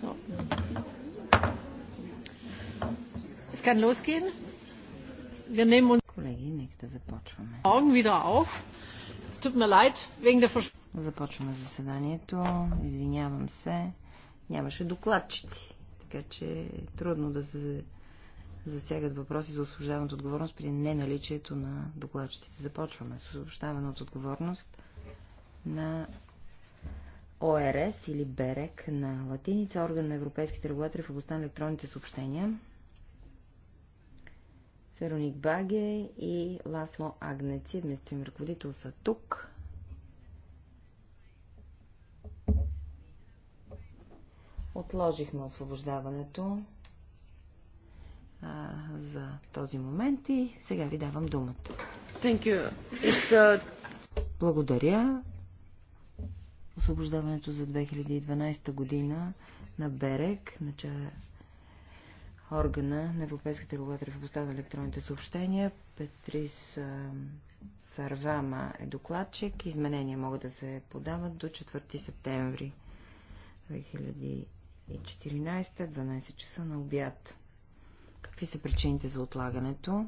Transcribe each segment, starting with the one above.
So. Es kann losgehen. Wir nehmen uns Колеги, нека да започваме. Morgen wieder auf. Tut mir leid, wegen der Започваме заседанието. Извинявам се. Нямаше докладчици, така че е трудно да се засягат въпроси за освобождаването отговорност при неналичието на докладчиците. Започваме с освобождаване от отговорност на ОРС или БЕРЕК на латиница, орган на европейските регулатори в областта на електронните съобщения, Вероник Баге и Ласло Агнеци, административен ръководител, са тук. Отложихме освобождаването а, за този момент и сега ви давам думата. Thank you. It's, uh... Благодаря освобождаването за 2012 година на БЕРЕК, начало органа на Европейската регулатора в областта на електронните съобщения. Петрис Сарвама е докладчик. Изменения могат да се подават до 4 септември 2014, 12 часа на обяд. Какви са причините за отлагането?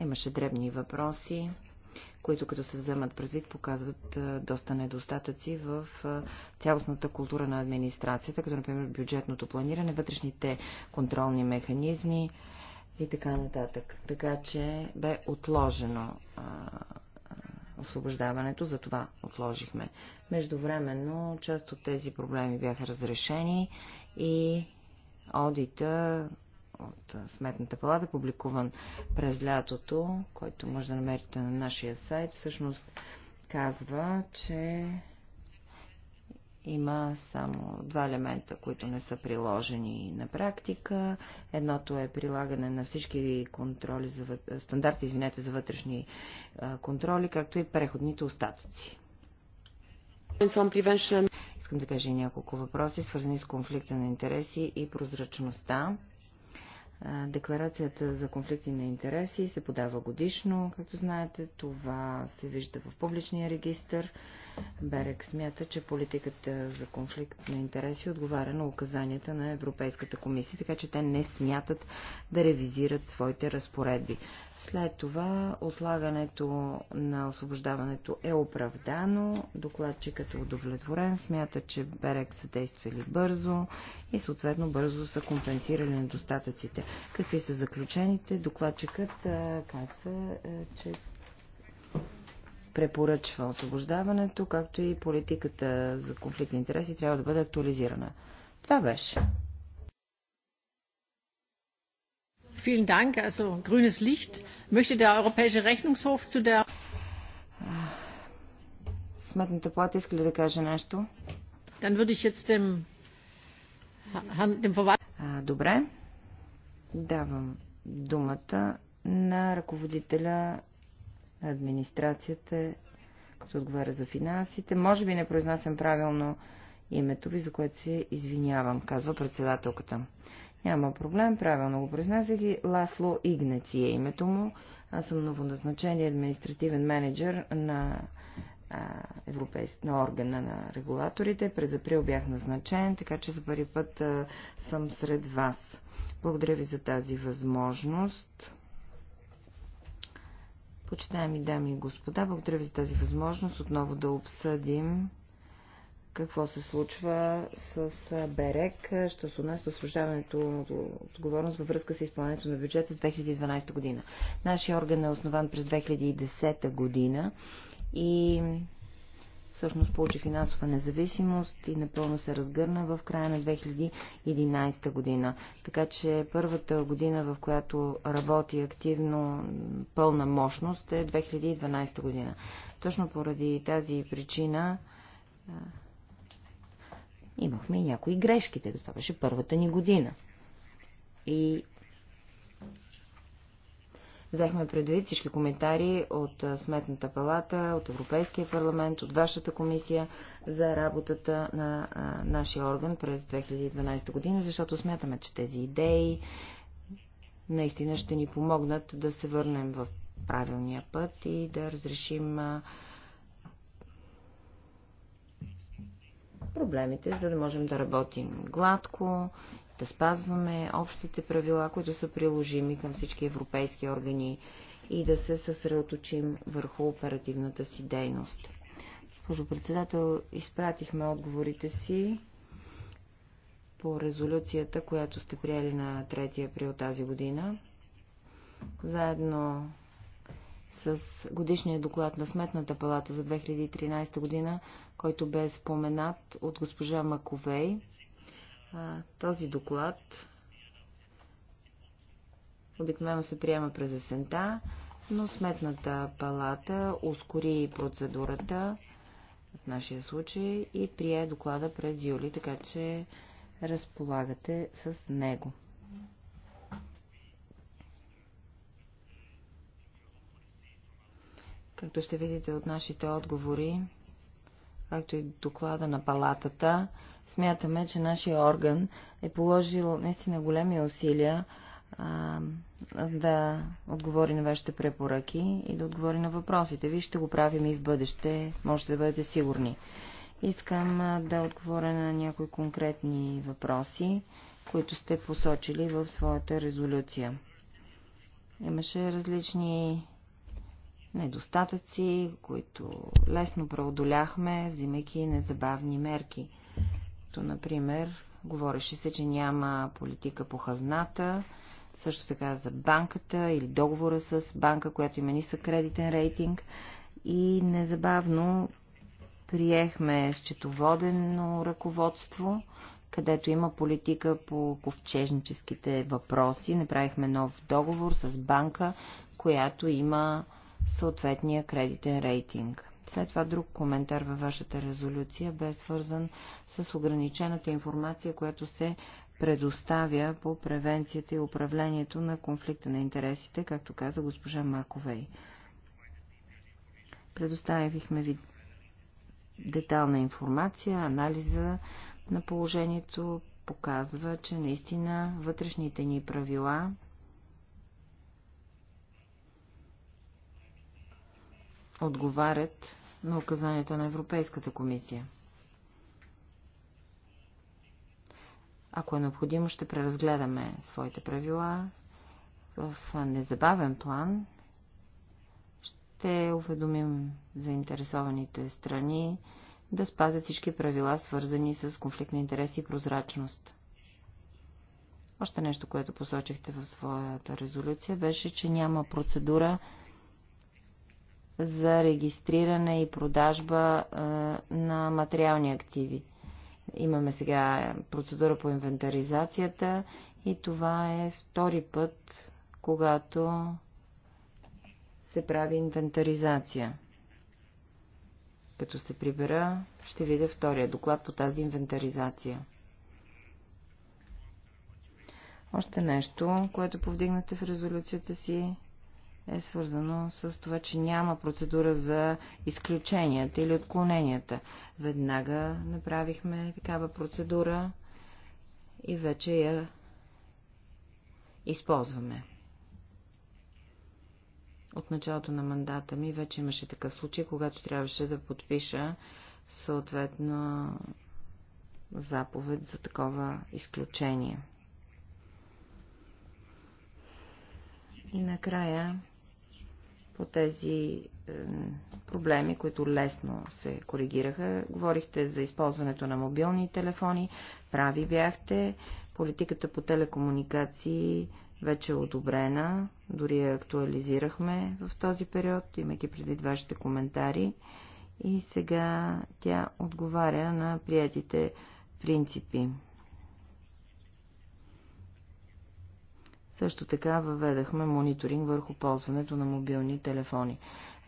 Имаше дребни въпроси които като се вземат предвид показват доста недостатъци в цялостната култура на администрацията, като например бюджетното планиране, вътрешните контролни механизми и така нататък. Така че бе отложено освобождаването, за това отложихме. Междувременно част от тези проблеми бяха разрешени и одита от Сметната палата, публикуван през лятото, който може да намерите на нашия сайт, всъщност казва, че има само два елемента, които не са приложени на практика. Едното е прилагане на всички контроли за, стандарти извинете, за вътрешни контроли, както и преходните остатъци. Искам да кажа няколко въпроси, свързани с конфликта на интереси и прозрачността. Декларацията за конфликти на интереси се подава годишно, както знаете. Това се вижда в публичния регистр. Берек смята, че политиката за конфликт на интереси отговаря на указанията на Европейската комисия, така че те не смятат да ревизират своите разпоредби. След това отлагането на освобождаването е оправдано, докладчикът е удовлетворен, смята, че Берек са действали бързо и съответно бързо са компенсирали недостатъците. Какви са заключените? Докладчикът казва, че препоръчва освобождаването, както и политиката за конфликт на интереси трябва да бъде актуализирана. Това беше. Vielen Dank. Also grünes Licht. Möchte der Europäische Rechnungshof zu der... Сметната ah, плата иска ли да каже нещо? Dann würde ich jetzt dem, dem а, добре. Давам думата на ръководителя администрацията, като отговаря за финансите. Може би не произнасям правилно името ви, за което се извинявам, казва председателката. Няма проблем, правилно го произнасях и Ласло Игнеци е името му. Аз съм новоназначен административен менеджер на европейс... органа на регулаторите. През април бях назначен, така че за първи път а, съм сред вас. Благодаря ви за тази възможност. Почитаеми дами и господа, благодаря ви за тази възможност отново да обсъдим какво се случва с БЕРЕК, що се отнася до служаването отговорност във връзка с изпълнението на бюджета за 2012 година. Нашия орган е основан през 2010 година и всъщност получи финансова независимост и напълно се разгърна в края на 2011 година. Така че първата година, в която работи активно пълна мощност е 2012 година. Точно поради тази причина имахме и някои грешки, тъй като това беше първата ни година. И Взехме предвид всички коментари от Сметната палата, от Европейския парламент, от вашата комисия за работата на нашия орган през 2012 година, защото смятаме, че тези идеи наистина ще ни помогнат да се върнем в правилния път и да разрешим проблемите, за да можем да работим гладко да спазваме общите правила, които са приложими към всички европейски органи и да се съсредоточим върху оперативната си дейност. Госпожо председател, изпратихме отговорите си по резолюцията, която сте приели на 3 април тази година, заедно с годишния доклад на Сметната палата за 2013 година, който бе споменат от госпожа Маковей този доклад обикновено се приема през есента, но Сметната палата ускори процедурата в нашия случай и прие доклада през юли, така че разполагате с него. Както ще видите от нашите отговори, както и доклада на палатата, смятаме, че нашия орган е положил наистина големи усилия а, да отговори на вашите препоръки и да отговори на въпросите. Вие ще го правим и в бъдеще, можете да бъдете сигурни. Искам да отговоря на някои конкретни въпроси, които сте посочили в своята резолюция. Имаше различни недостатъци, които лесно преодоляхме, взимайки незабавни мерки. То, например, говореше се, че няма политика по хазната, също така за банката или договора с банка, която има нисък кредитен рейтинг. И незабавно приехме счетоводено ръководство, където има политика по ковчежническите въпроси. Направихме нов договор с банка, която има съответния кредитен рейтинг. След това друг коментар във вашата резолюция бе свързан с ограничената информация, която се предоставя по превенцията и управлението на конфликта на интересите, както каза госпожа Маковей. Предоставихме ви детална информация, анализа на положението показва, че наистина вътрешните ни правила отговарят на указанията на Европейската комисия. Ако е необходимо, ще преразгледаме своите правила в незабавен план. Ще уведомим заинтересованите страни да спазят всички правила, свързани с конфликт на интереси и прозрачност. Още нещо, което посочихте в своята резолюция, беше, че няма процедура за регистриране и продажба на материални активи. Имаме сега процедура по инвентаризацията и това е втори път, когато се прави инвентаризация. Като се прибера, ще видя втория доклад по тази инвентаризация. Още нещо, което повдигнате в резолюцията си, е свързано с това, че няма процедура за изключенията или отклоненията. Веднага направихме такава процедура и вече я използваме. От началото на мандата ми вече имаше такъв случай, когато трябваше да подпиша съответно заповед за такова изключение. И накрая по тези е, проблеми, които лесно се коригираха. Говорихте за използването на мобилни телефони, прави бяхте, политиката по телекомуникации вече е одобрена, дори я актуализирахме в този период, имайки предвид вашите коментари. И сега тя отговаря на приятите принципи. Също така въведахме мониторинг върху ползването на мобилни телефони.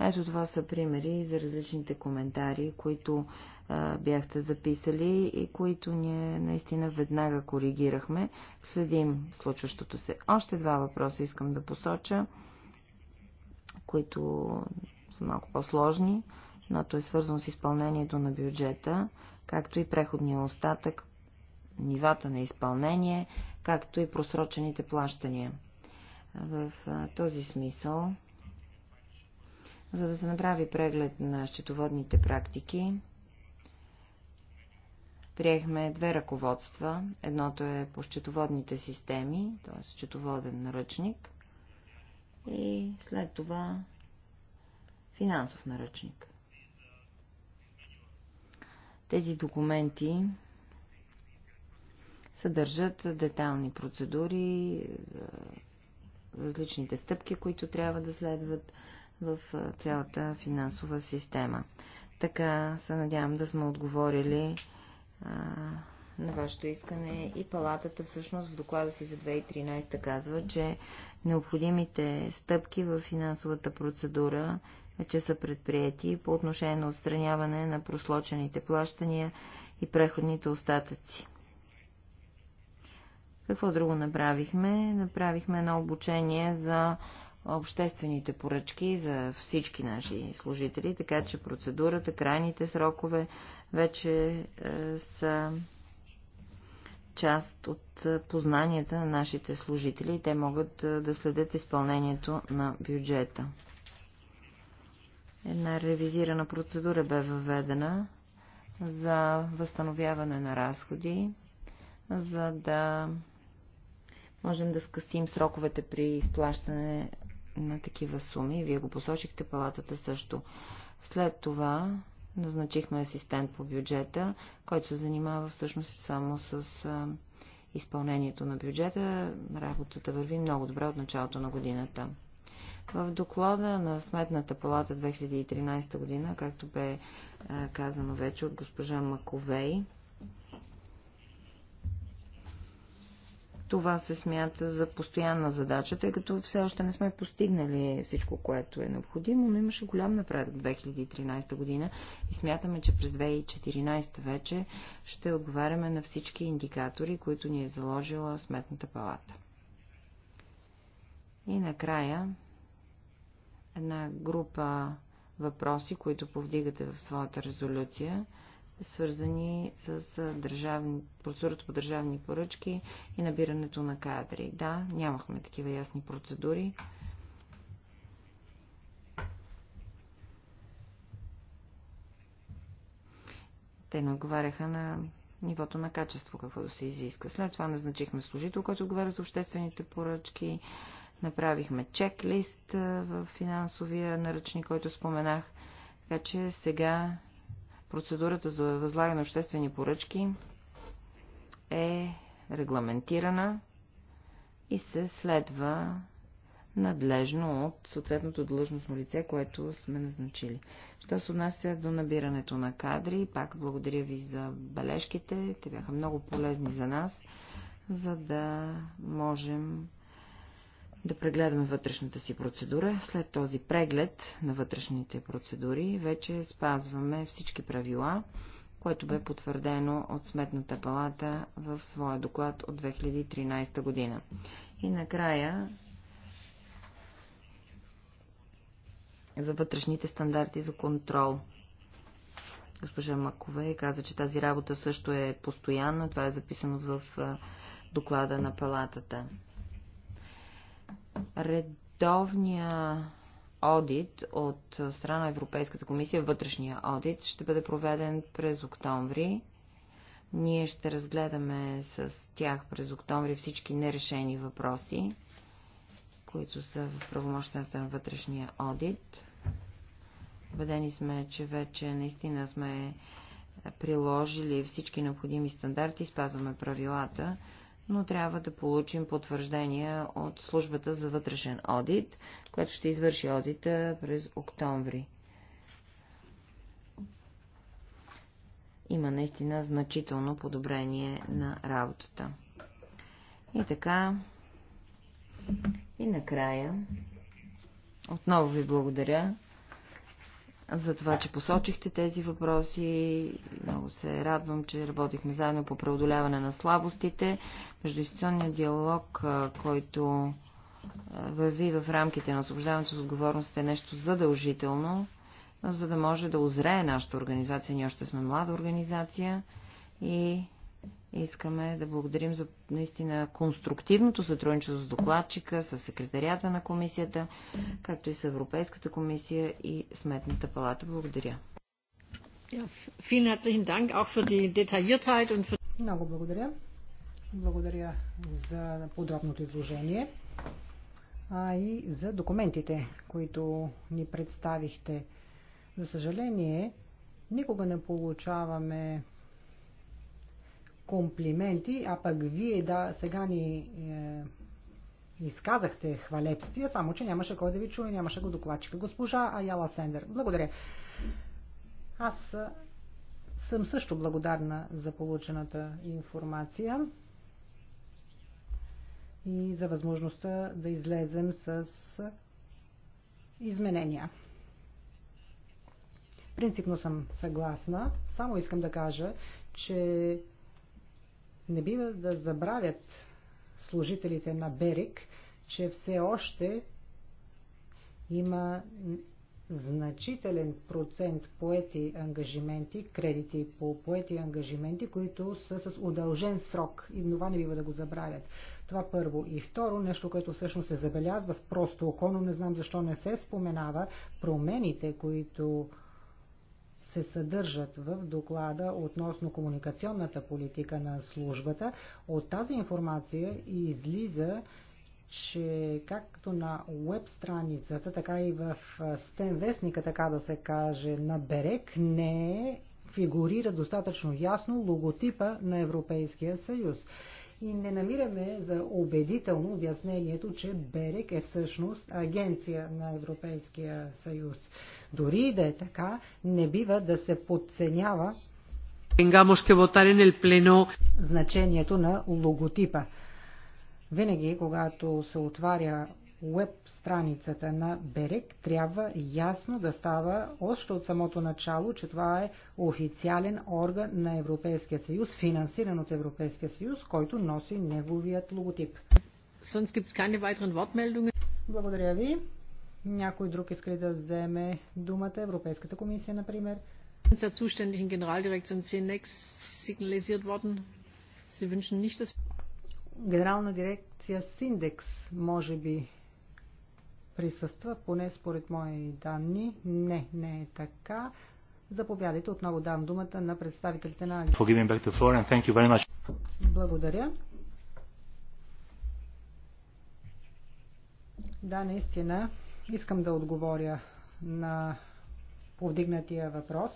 Ето това са примери за различните коментари, които а, бяхте записали и които ние наистина веднага коригирахме. Следим случващото се. Още два въпроса искам да посоча, които са малко по-сложни. Едното е свързано с изпълнението на бюджета, както и преходния остатък, нивата на изпълнение, както и просрочените плащания. В този смисъл, за да се направи преглед на счетоводните практики, приехме две ръководства. Едното е по счетоводните системи, т.е. счетоводен наръчник, и след това финансов наръчник. Тези документи съдържат детални процедури за различните стъпки, които трябва да следват в цялата финансова система. Така се надявам да сме отговорили а, на вашето искане и палатата всъщност в доклада си за 2013 казва, че необходимите стъпки в финансовата процедура че са предприяти по отношение на отстраняване на прослочените плащания и преходните остатъци. Какво друго направихме? Направихме едно обучение за обществените поръчки за всички наши служители, така че процедурата, крайните срокове вече е, са част от познанията на нашите служители и те могат е, да следят изпълнението на бюджета. Една ревизирана процедура бе въведена за възстановяване на разходи, за да можем да скъсим сроковете при изплащане на такива суми. Вие го посочихте, палатата също. След това назначихме асистент по бюджета, който се занимава всъщност само с изпълнението на бюджета. Работата върви много добре от началото на годината. В доклада на Сметната палата 2013 година, както бе казано вече от госпожа Маковей, това се смята за постоянна задача, тъй като все още не сме постигнали всичко, което е необходимо, но имаше голям напредък 2013 година и смятаме, че през 2014 вече ще отговаряме на всички индикатори, които ни е заложила Сметната палата. И накрая една група въпроси, които повдигате в своята резолюция – свързани с държавни, процедурата по държавни поръчки и набирането на кадри. Да, нямахме такива ясни процедури. Те не отговаряха на нивото на качество, каквото се изиска. След това назначихме служител, който отговаря за обществените поръчки. Направихме чек-лист в финансовия наръчник, който споменах. Така че сега Процедурата за възлагане на обществени поръчки е регламентирана и се следва надлежно от съответното длъжностно лице, което сме назначили. Що се отнася до набирането на кадри, пак благодаря ви за бележките. Те бяха много полезни за нас, за да можем да прегледаме вътрешната си процедура. След този преглед на вътрешните процедури вече спазваме всички правила, което бе потвърдено от Сметната палата в своя доклад от 2013 година. И накрая за вътрешните стандарти за контрол. Госпожа Макове каза, че тази работа също е постоянна. Това е записано в доклада на палатата. Редовния одит от страна Европейската комисия, вътрешния одит, ще бъде проведен през октомври. Ние ще разгледаме с тях през октомври всички нерешени въпроси, които са в правомощната на вътрешния одит. Убедени сме, че вече наистина сме приложили всички необходими стандарти, спазваме правилата, но трябва да получим потвърждения от службата за вътрешен одит, която ще извърши одита през октомври. Има наистина значително подобрение на работата. И така, и накрая, отново ви благодаря за това, че посочихте тези въпроси. Много се радвам, че работихме заедно по преодоляване на слабостите. Междуинституционният диалог, който върви в рамките на освобождаването с отговорност е нещо задължително, за да може да озрее нашата организация. Ние още сме млада организация и Искаме да благодарим за наистина конструктивното сътрудничество с докладчика, с секретарията на комисията, както и с Европейската комисия и Сметната палата. Благодаря. Много благодаря. Благодаря за подробното изложение, а и за документите, които ни представихте. За съжаление, никога не получаваме комплименти, а пък вие да сега ни е, изказахте хвалепствия, само че нямаше кой да ви чуе, нямаше го докладчика. Госпожа Аяла Сендер, благодаря. Аз е, съм също благодарна за получената информация и за възможността да излезем с изменения. Принципно съм съгласна, само искам да кажа, че не бива да забравят служителите на Берик, че все още има значителен процент поети ангажименти, кредити по поети ангажименти, които са с удължен срок. И това не бива да го забравят. Това първо. И второ, нещо, което всъщност се забелязва с просто око, но не знам защо не се споменава, промените, които се съдържат в доклада относно комуникационната политика на службата. От тази информация излиза, че както на веб страницата, така и в стен вестника, така да се каже, на Берек не е фигурира достатъчно ясно логотипа на Европейския съюз и не намираме за убедително обяснението, че Берек е всъщност агенция на Европейския съюз. Дори да е така, не бива да се подценява значението на логотипа. Винаги, когато се отваря веб страницата на Берек трябва ясно да става още от самото начало, че това е официален орган на Европейския съюз, финансиран от Европейския съюз, който носи неговият логотип. Благодаря ви. Някой друг иска да вземе думата? Европейската комисия, например. Unserer zuständigen Generaldirektion CNEX signalisiert worden. Sie wünschen nicht, dass Генерална дирекция Синдекс, може би, присъства, поне според мои данни. Не, не е така. Заповядайте, отново дам думата на представителите на Агенцията. Благодаря. Да, наистина искам да отговоря на повдигнатия въпрос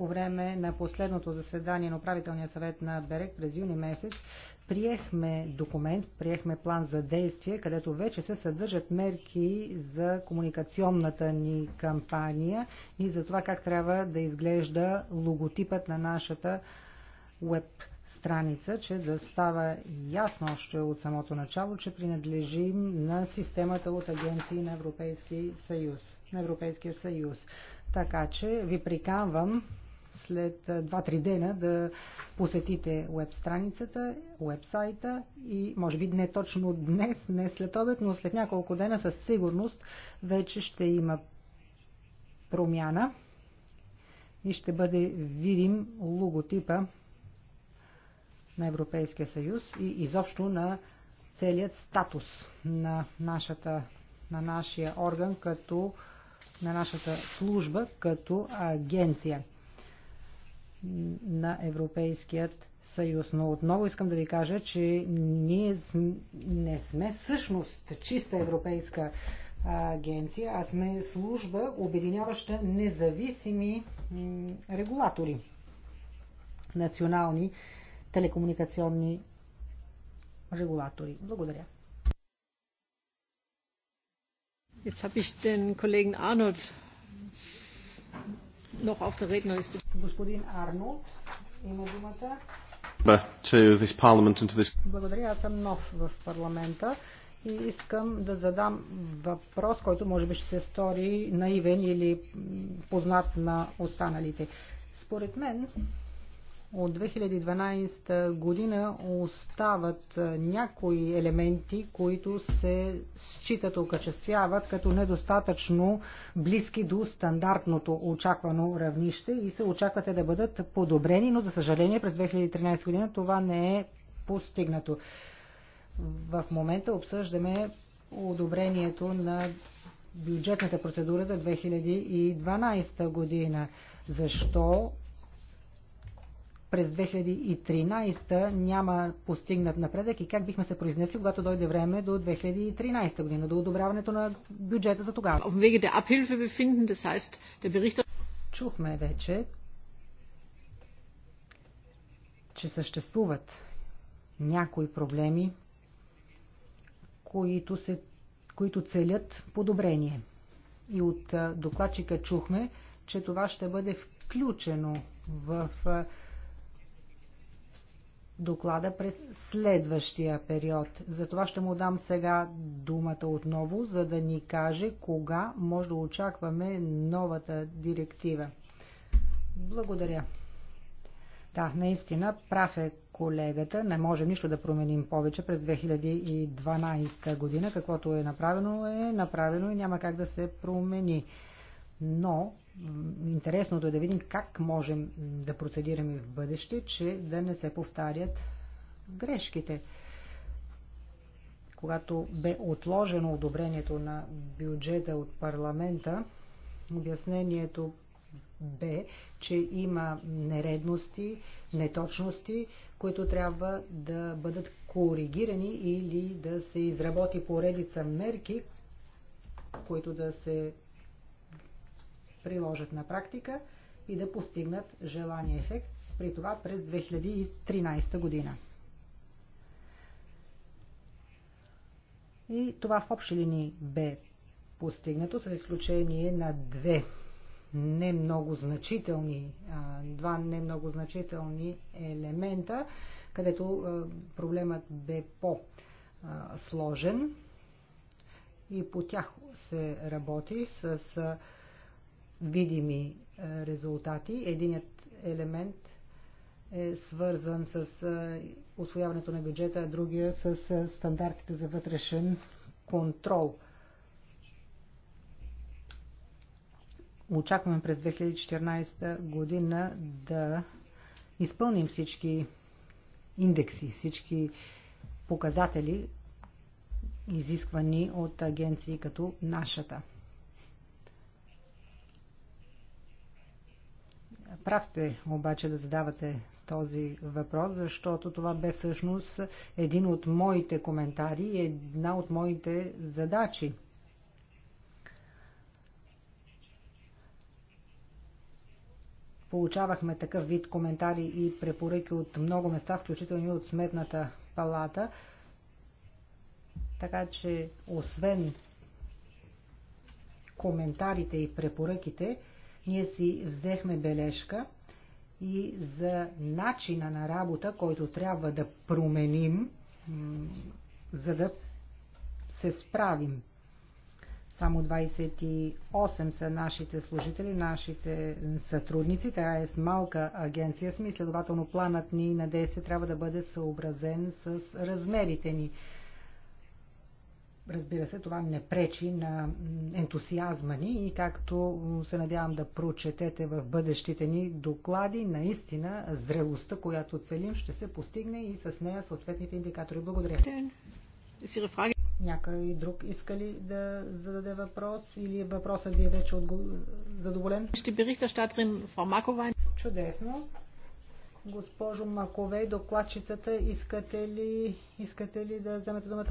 по време на последното заседание на управителния съвет на Берек през юни месец приехме документ, приехме план за действие, където вече се съдържат мерки за комуникационната ни кампания и за това как трябва да изглежда логотипът на нашата веб страница, че да става ясно още от самото начало, че принадлежим на системата от агенции на Европейския съюз. На Европейския съюз. Така че ви приканвам след 2-3 дена да посетите веб страницата, вебсайта и може би не точно днес, не след обед, но след няколко дена със сигурност вече ще има промяна и ще бъде видим логотипа на Европейския съюз и изобщо на целият статус на, нашата, на нашия орган като на нашата служба като агенция на Европейският съюз. Но отново искам да ви кажа, че ние не сме всъщност чиста европейска агенция, а сме служба, обединяваща независими регулатори, национални телекомуникационни регулатори. Благодаря. Jetzt habe ich den Kollegen Arnold noch auf der Rednerliste. Господин Арнолд има думата. To this parliament and to this... Благодаря, аз съм нов в парламента и искам да задам въпрос, който може би ще се стори наивен или познат на останалите. Според мен, от 2012 година остават някои елементи, които се считат, окачествяват като недостатъчно близки до стандартното очаквано равнище и се очаквате да бъдат подобрени, но за съжаление през 2013 година това не е постигнато. В момента обсъждаме одобрението на бюджетната процедура за 2012 година. Защо през 2013 няма постигнат напредък и как бихме се произнесли, когато дойде време до 2013 година, до одобряването на бюджета за тогава. Чухме вече, че съществуват някои проблеми, които, се, които целят подобрение. И от докладчика чухме, че това ще бъде включено в доклада през следващия период. Затова ще му дам сега думата отново, за да ни каже кога може да очакваме новата директива. Благодаря. Да, наистина, прав е колегата. Не можем нищо да променим повече през 2012 година. Каквото е направено, е направено и няма как да се промени но интересното е да видим как можем да процедираме в бъдеще, че да не се повтарят грешките. Когато бе отложено одобрението на бюджета от парламента, обяснението бе, че има нередности, неточности, които трябва да бъдат коригирани или да се изработи поредица мерки, които да се приложат на практика и да постигнат желания ефект, при това през 2013 година. И това в общи линии бе постигнато, с изключение на две не много значителни, два не много значителни елемента, където проблемът бе по-сложен и по тях се работи с видими е, резултати. Единият елемент е свързан с е, освояването на бюджета, а другия с е, стандартите за вътрешен контрол. Очакваме през 2014 година да изпълним всички индекси, всички показатели, изисквани от агенции като нашата. Прав сте обаче да задавате този въпрос, защото това бе всъщност един от моите коментари и една от моите задачи. Получавахме такъв вид коментари и препоръки от много места, включително и от Сметната палата. Така че, освен коментарите и препоръките, ние си взехме бележка и за начина на работа, който трябва да променим, за да се справим. Само 28 са нашите служители, нашите сътрудници. Тя е с малка агенция Сми, следователно планът ни на действие трябва да бъде съобразен с размерите ни. Разбира се, това не пречи на ентусиазма ни и както се надявам да прочетете в бъдещите ни доклади, наистина зрелостта, която целим, ще се постигне и с нея съответните индикатори. Благодаря. Някой друг иска ли да зададе въпрос или е въпросът ви е вече отго... задоволен? Чудесно. Госпожо Маковей, докладчицата, искате ли, искате ли да вземете думата?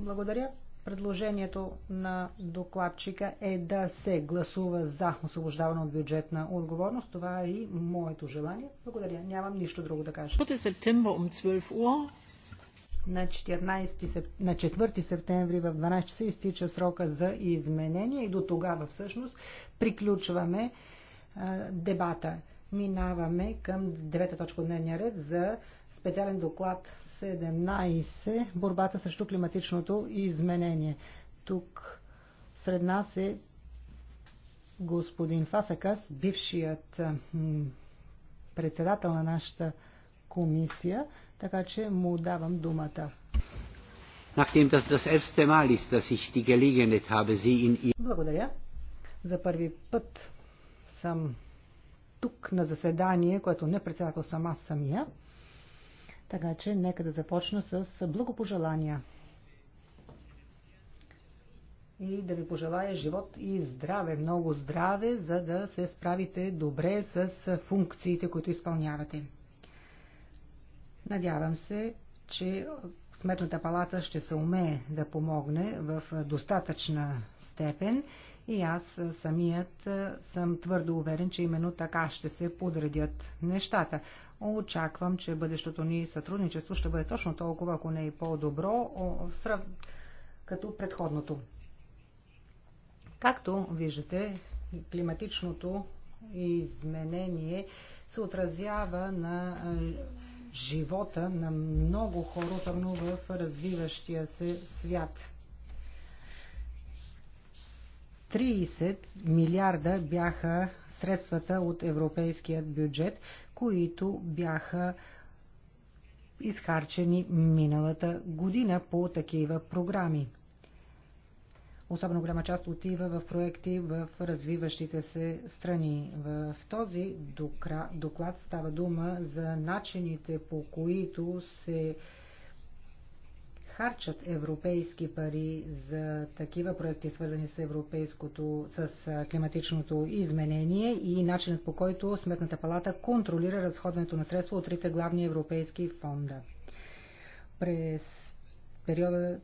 Благодаря. Предложението на докладчика е да се гласува за освобождаване от бюджетна отговорност. Това е и моето желание. Благодаря. Нямам нищо друго да кажа. Е на, 14, на 4 септември в 12 часа изтича срока за изменение и до тогава всъщност приключваме дебата. Минаваме към 9 точка от дневния ред за специален доклад 17 е борбата срещу климатичното изменение. Тук сред нас е господин Фасакас, бившият председател на нашата комисия, така че му давам думата. Благодаря. За първи път съм тук на заседание, което не председател сама самия. Така че нека да започна с благопожелания. И да ви пожелая живот и здраве, много здраве, за да се справите добре с функциите, които изпълнявате. Надявам се, че Сметната палата ще се умее да помогне в достатъчна степен и аз самият съм твърдо уверен, че именно така ще се подредят нещата. Очаквам, че бъдещото ни сътрудничество ще бъде точно толкова, ако не и по-добро, като предходното. Както виждате, климатичното изменение се отразява на живота на много хора, в развиващия се свят. 30 милиарда бяха средствата от европейският бюджет, които бяха изхарчени миналата година по такива програми. Особено голяма част отива в проекти в развиващите се страни. В този доклад става дума за начините по които се харчат европейски пари за такива проекти, свързани с европейското, с климатичното изменение и начинът по който Сметната палата контролира разходването на средства от трите главни европейски фонда. През периода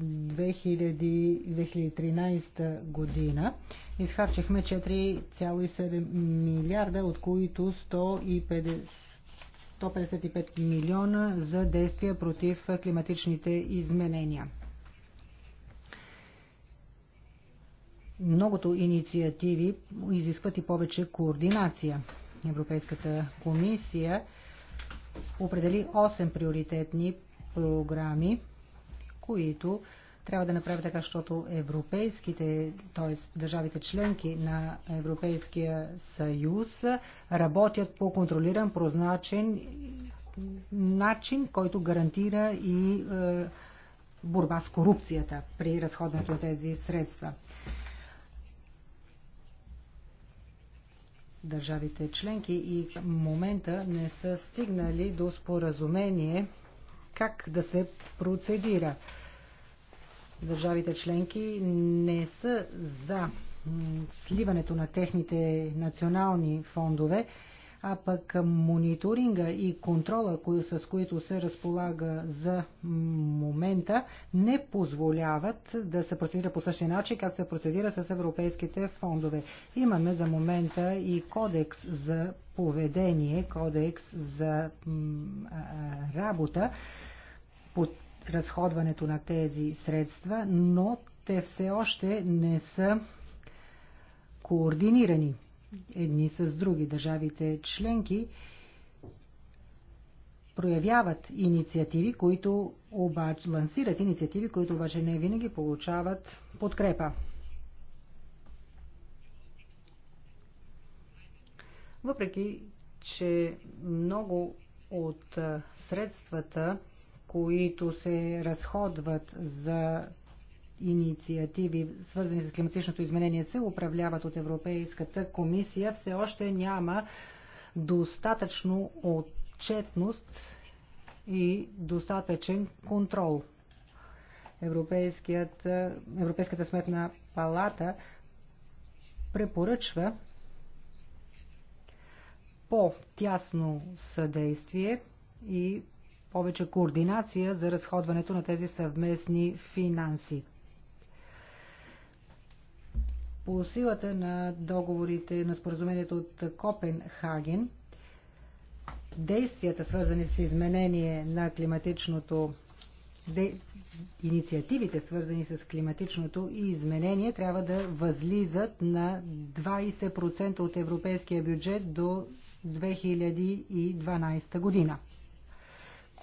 2013 година изхарчихме 4,7 милиарда, от които 150 155 милиона за действия против климатичните изменения. Многото инициативи изискват и повече координация. Европейската комисия определи 8 приоритетни програми, които трябва да направи така, защото европейските, т.е. държавите членки на Европейския съюз работят по контролиран, прозначен начин, който гарантира и е, борба с корупцията при разходването на тези средства. държавите членки и в момента не са стигнали до споразумение как да се процедира държавите членки не са за сливането на техните национални фондове, а пък мониторинга и контрола, с които се разполага за момента, не позволяват да се процедира по същия начин, както се процедира с европейските фондове. Имаме за момента и кодекс за поведение, кодекс за работа, разходването на тези средства, но те все още не са координирани едни с други. Държавите членки проявяват инициативи, които обаче, лансират инициативи, които обаче не винаги получават подкрепа. Въпреки, че много от средствата които се разходват за инициативи, свързани с климатичното изменение, се управляват от Европейската комисия, все още няма достатъчно отчетност и достатъчен контрол. Европейската сметна палата препоръчва по-тясно съдействие и повече координация за разходването на тези съвместни финанси. По силата на договорите на споразумението от Копенхаген, действията, свързани с изменение на климатичното де, инициативите, свързани с климатичното и изменение, трябва да възлизат на 20% от европейския бюджет до 2012 година.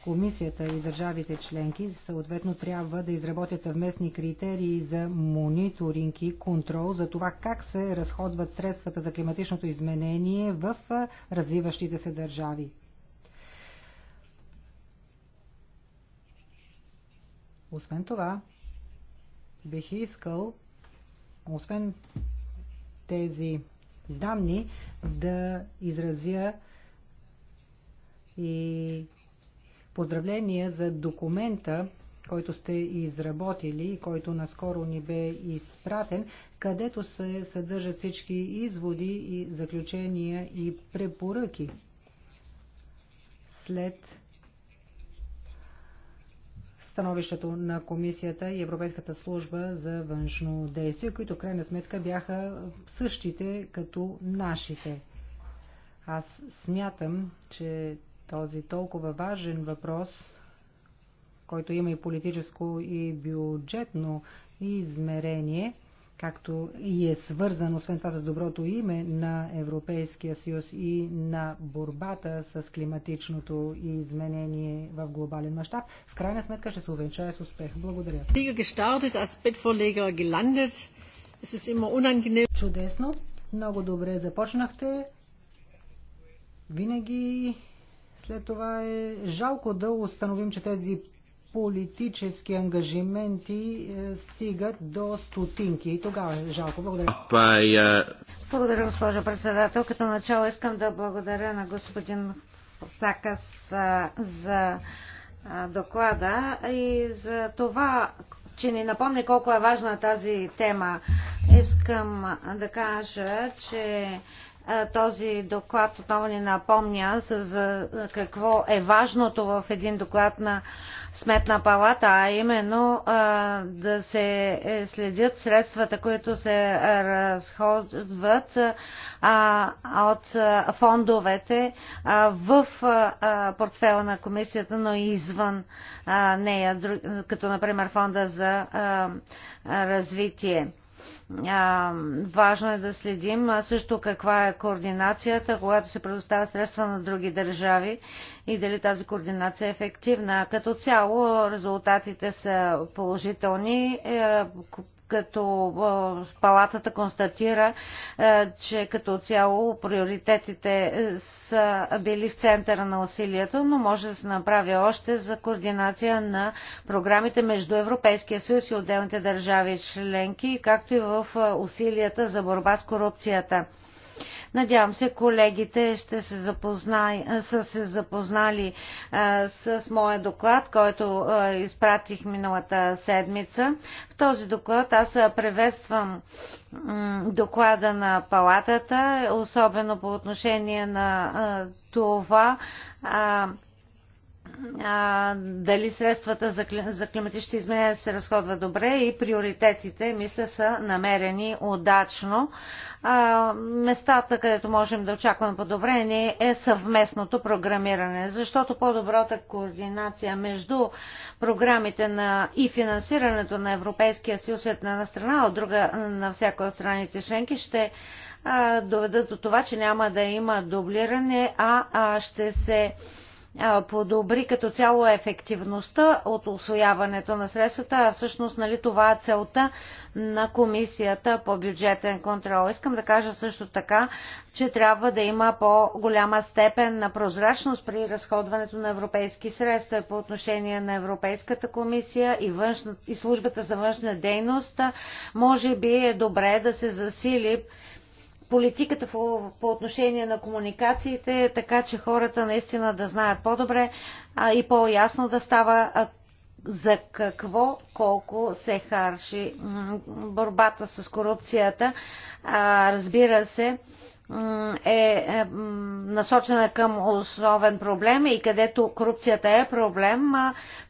Комисията и държавите членки съответно трябва да изработят съвместни критерии за мониторинг и контрол за това как се разходват средствата за климатичното изменение в развиващите се държави. Освен това, бих искал, освен тези данни, да изразя и Поздравления за документа, който сте изработили и който наскоро ни бе изпратен, където се съдържат всички изводи и заключения и препоръки. След становището на Комисията и Европейската служба за външно действие, които крайна сметка бяха същите като нашите. Аз смятам, че този толкова важен въпрос, който има и политическо и бюджетно измерение, както и е свързан, освен това, с доброто име на Европейския съюз и на борбата с климатичното изменение в глобален мащаб, в крайна сметка ще се увенчае с успех. Благодаря. Чудесно. Много добре започнахте. Винаги след това е жалко да установим, че тези политически ангажименти е, стигат до стотинки. И тогава е жалко. Благодаря. Е, благодаря, госпожо председател. Като начало искам да благодаря на господин Такас е, за доклада и за това, че ни напомни колко е важна тази тема. Искам да кажа, че е, този доклад отново ни напомня за какво е важното в един доклад на Сметна палата, а именно е, да се е, следят средствата, които се разходват от фондовете в портфела на комисията, но и извън нея, като например фонда за развитие. А, важно е да следим а също каква е координацията, когато се предоставя средства на други държави и дали тази координация е ефективна. Като цяло резултатите са положителни. Е, като палатата констатира, че като цяло приоритетите е, са били в центъра на усилието, но може да се направи още за координация на програмите между Европейския съюз и отделните държави членки, както и в усилията за борба с корупцията. Надявам се, колегите ще се запознай, са се запознали а, с моя доклад, който а, изпратих миналата седмица. В този доклад аз приветствам доклада на палатата, особено по отношение на а, това. А, а, дали средствата за, за климатичните изменения се разходват добре и приоритетите, мисля, са намерени удачно. А, местата, където можем да очакваме подобрение е съвместното програмиране, защото по-добрата координация между програмите на и финансирането на Европейския съюз от една страна, а от друга на всяка от страните членки ще доведат до това, че няма да има дублиране, а, а ще се а, подобри като цяло ефективността от освояването на средствата, а всъщност нали, това е целта на комисията по бюджетен контрол. Искам да кажа също така, че трябва да има по-голяма степен на прозрачност при разходването на европейски средства по отношение на Европейската комисия и, външна, и службата за външна дейност. Може би е добре да се засили политиката по отношение на комуникациите, така че хората наистина да знаят по-добре и по-ясно да става за какво, колко се харши. борбата с корупцията. Разбира се, е, е насочена към основен проблем и където корупцията е проблем,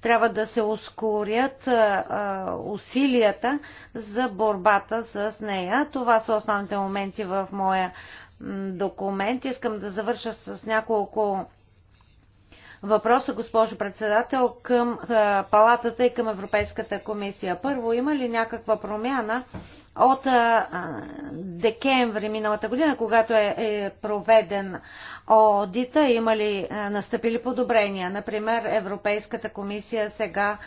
трябва да се ускорят усилията за борбата с нея. Това са основните моменти в моя документ. Искам да завърша с няколко въпроса, госпожо председател, към е, палатата и към Европейската комисия. Първо, има ли някаква промяна от е, декември миналата година, когато е, е проведен одита, има ли настъпили подобрения? Например, Европейската комисия сега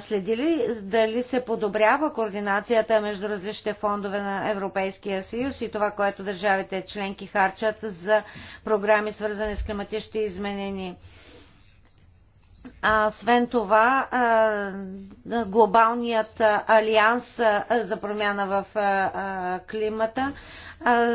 следи ли дали се подобрява координацията между различните фондове на Европейския съюз и това, което държавите членки харчат за програми, свързани с климатични изменения? А, освен това, а, глобалният алианс а, за промяна в а, климата а,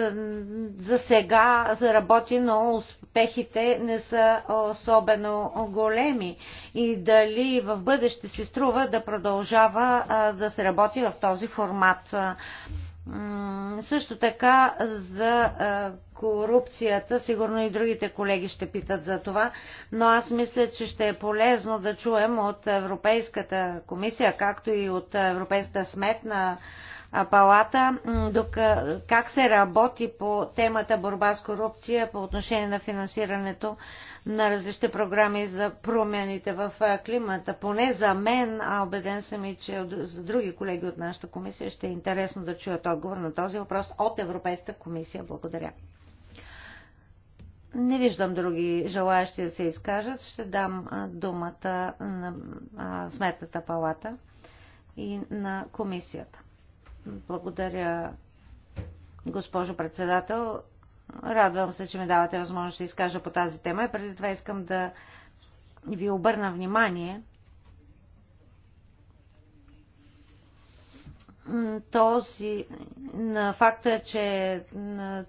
за сега заработи, но успехите не са особено големи. И дали в бъдеще си струва да продължава а, да се работи в този формат. Също така за корупцията, сигурно и другите колеги ще питат за това, но аз мисля, че ще е полезно да чуем от Европейската комисия, както и от Европейската сметна палата дока, как се работи по темата борба с корупция по отношение на финансирането на различни програми за промените в климата. Поне за мен, а убеден съм и, че за други колеги от нашата комисия ще е интересно да чуят отговор на този въпрос от Европейската комисия. Благодаря. Не виждам други желаящи да се изкажат. Ще дам думата на Сметната палата и на комисията. Благодаря, госпожо председател. Радвам се, че ми давате възможност да изкажа по тази тема. И преди това искам да ви обърна внимание. Този, на факта, че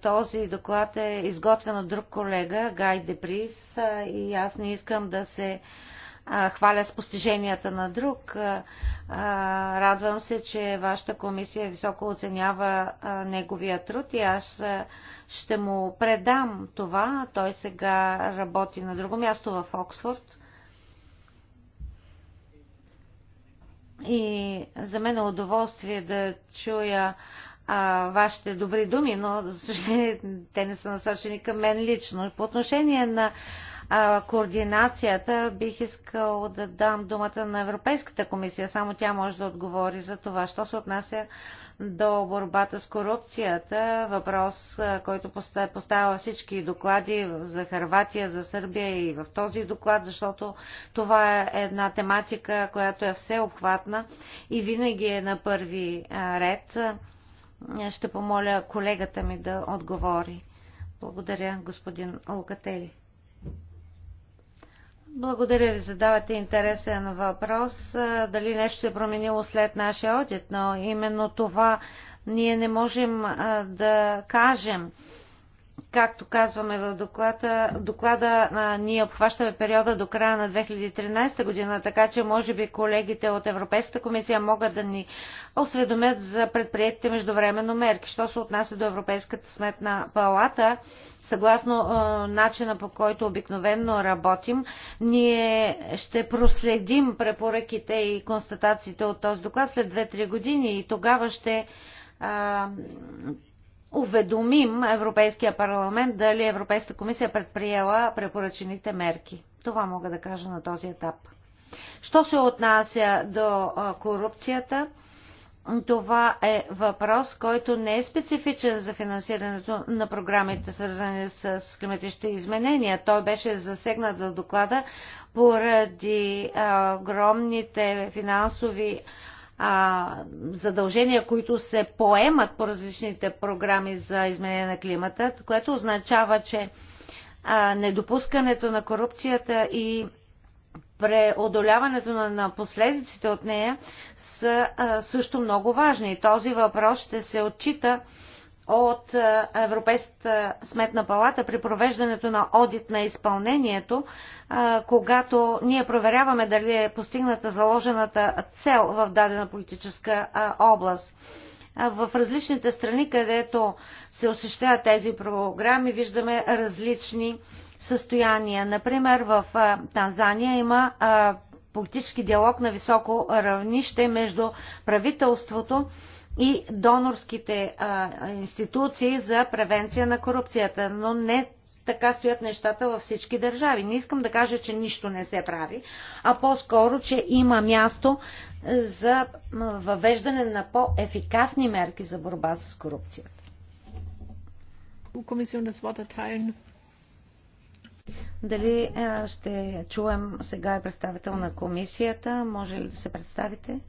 този доклад е изготвен от друг колега, Гай Деприс, и аз не искам да се а, хваля с постиженията на друг. Радвам се, че вашата комисия високо оценява неговия труд и аз ще му предам това. Той сега работи на друго място в Оксфорд. И за мен е удоволствие да чуя а, вашите добри думи, но за съжаление те не са насочени към мен лично. По отношение на а, координацията, бих искал да дам думата на Европейската комисия. Само тя може да отговори за това. Що се отнася до борбата с корупцията, въпрос, който поставя всички доклади за Харватия, за Сърбия и в този доклад, защото това е една тематика, която е всеобхватна и винаги е на първи ред. Ще помоля колегата ми да отговори. Благодаря, господин Лукатели. Благодаря ви, задавате интересен въпрос. Дали нещо е променило след нашия одит, но именно това ние не можем да кажем. Както казваме в доклада, доклада а, ние обхващаме периода до края на 2013 година, така че може би колегите от Европейската комисия могат да ни осведомят за предприятите междувременно мерки. Що се отнася до Европейската сметна палата, съгласно а, начина по който обикновенно работим, ние ще проследим препоръките и констатациите от този доклад след 2-3 години и тогава ще уведомим Европейския парламент дали Европейската комисия е предприела препоръчените мерки. Това мога да кажа на този етап. Що се отнася до корупцията? Това е въпрос, който не е специфичен за финансирането на програмите, свързани с климатичните изменения. Той беше засегнат до доклада поради огромните финансови а, задължения, които се поемат по различните програми за изменение на климата, което означава, че а, недопускането на корупцията и преодоляването на, на последиците от нея са а, също много важни. Този въпрос ще се отчита от Европейската сметна палата при провеждането на одит на изпълнението, когато ние проверяваме дали е постигната заложената цел в дадена политическа област. В различните страни, където се осъществяват тези програми, виждаме различни състояния. Например, в Танзания има политически диалог на високо равнище между правителството и донорските а, институции за превенция на корупцията. Но не така стоят нещата във всички държави. Не искам да кажа, че нищо не се прави, а по-скоро, че има място за въвеждане на по-ефикасни мерки за борба с корупцията. Дали ще чуем сега и представител на комисията? Може ли да се представите?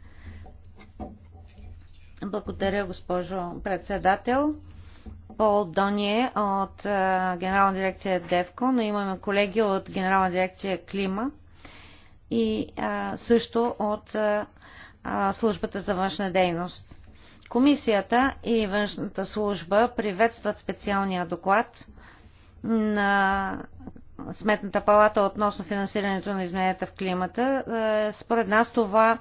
Благодаря, госпожо председател. Пол Доние от Генерална дирекция ДЕВКО, но имаме колеги от Генерална дирекция Клима и също от службата за външна дейност. Комисията и външната служба приветстват специалния доклад на Сметната палата относно финансирането на измененията в климата. Е, според нас това